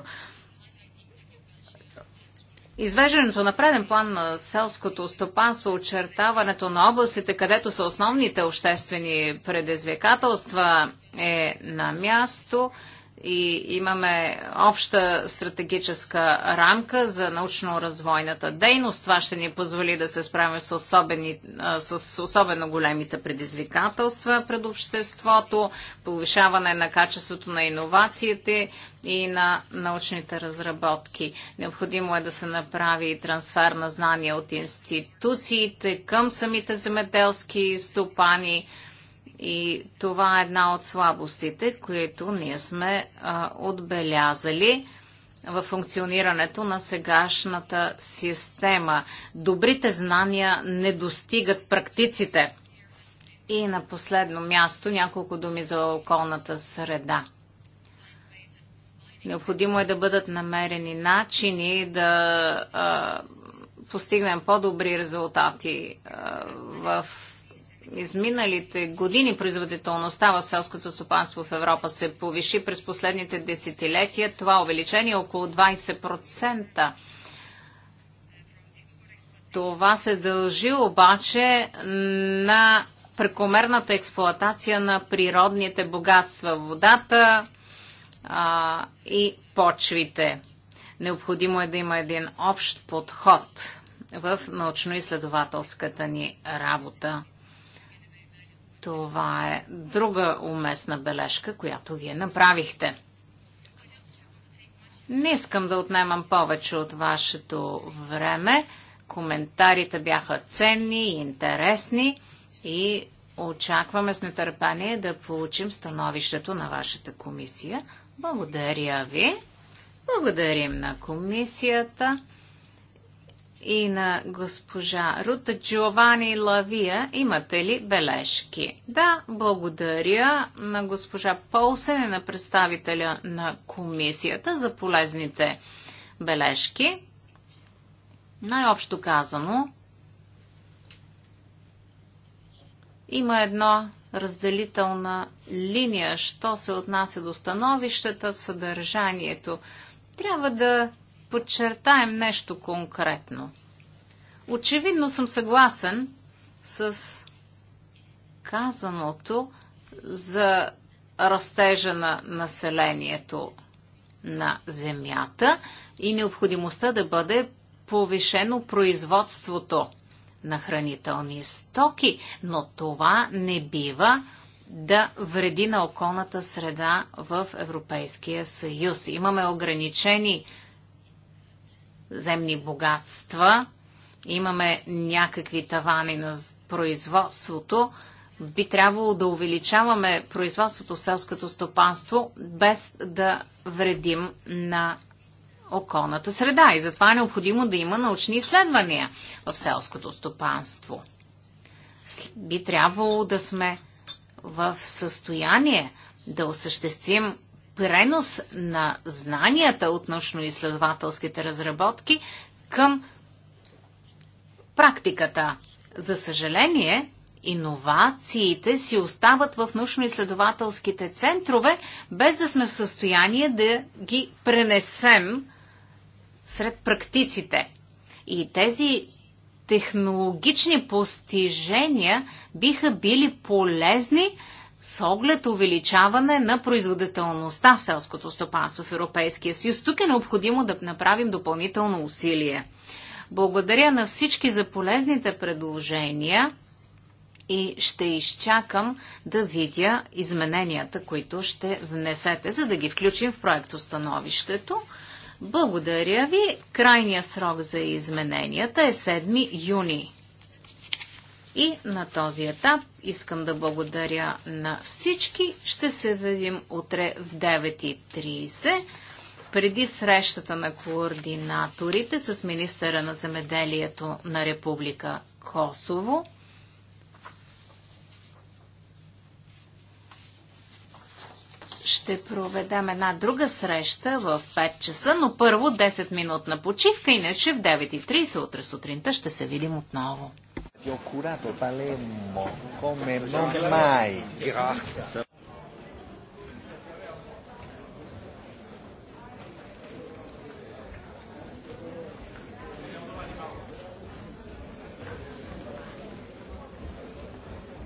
S3: Извеждането на преден план на селското стопанство, очертаването на областите, където са основните обществени предизвикателства е на място – и имаме обща стратегическа рамка за научно-развойната дейност. Това ще ни позволи да се справим с, особени, с особено големите предизвикателства пред обществото, повишаване на качеството на иновациите и на научните разработки. Необходимо е да се направи трансфер на знания от институциите към самите земеделски стопани, и това е една от слабостите, които ние сме а, отбелязали в функционирането на сегашната система. Добрите знания не достигат практиците. И на последно място няколко думи за околната среда. Необходимо е да бъдат намерени начини да а, постигнем по-добри резултати а, в изминалите години производителността в селското стопанство в Европа се повиши през последните десетилетия. Това увеличение е около 20%. Това се дължи обаче на прекомерната експлоатация на природните богатства водата а, и почвите. Необходимо е да има един общ подход в научно-изследователската ни работа. Това е друга уместна бележка, която вие направихте. Не искам да отнемам повече от вашето време. Коментарите бяха ценни и интересни и очакваме с нетърпение да получим становището на вашата комисия. Благодаря ви. Благодарим на комисията и на госпожа Рута Джовани Лавия. Имате ли бележки? Да, благодаря на госпожа Полсен и на представителя на комисията за полезните бележки. Най-общо казано, има едно разделителна линия, що се отнася до становищата, съдържанието. Трябва да подчертаем нещо конкретно. Очевидно съм съгласен с казаното за растежа на населението на земята и необходимостта да бъде повишено производството на хранителни стоки, но това не бива да вреди на околната среда в Европейския съюз. Имаме ограничени земни богатства, имаме някакви тавани на производството, би трябвало да увеличаваме производството в селското стопанство, без да вредим на околната среда. И затова е необходимо да има научни изследвания в селското стопанство. Би трябвало да сме в състояние да осъществим пренос на знанията от научно-изследователските разработки към практиката. За съжаление, иновациите си остават в научно-изследователските центрове, без да сме в състояние да ги пренесем сред практиците. И тези технологични постижения биха били полезни с оглед увеличаване на производителността в селското стопанство в Европейския съюз. Тук е необходимо да направим допълнително усилие. Благодаря на всички за полезните предложения и ще изчакам да видя измененията, които ще внесете, за да ги включим в проекто становището. Благодаря ви. Крайният срок за измененията е 7 юни. И на този етап Искам да благодаря на всички. Ще се видим утре в 9.30 преди срещата на координаторите с министъра на земеделието на Република Косово. Ще проведем една друга среща в 5 часа, но първо 10 минутна почивка, иначе в 9.30 утре сутринта ще се видим отново. Io ho curato Palermo come non mai.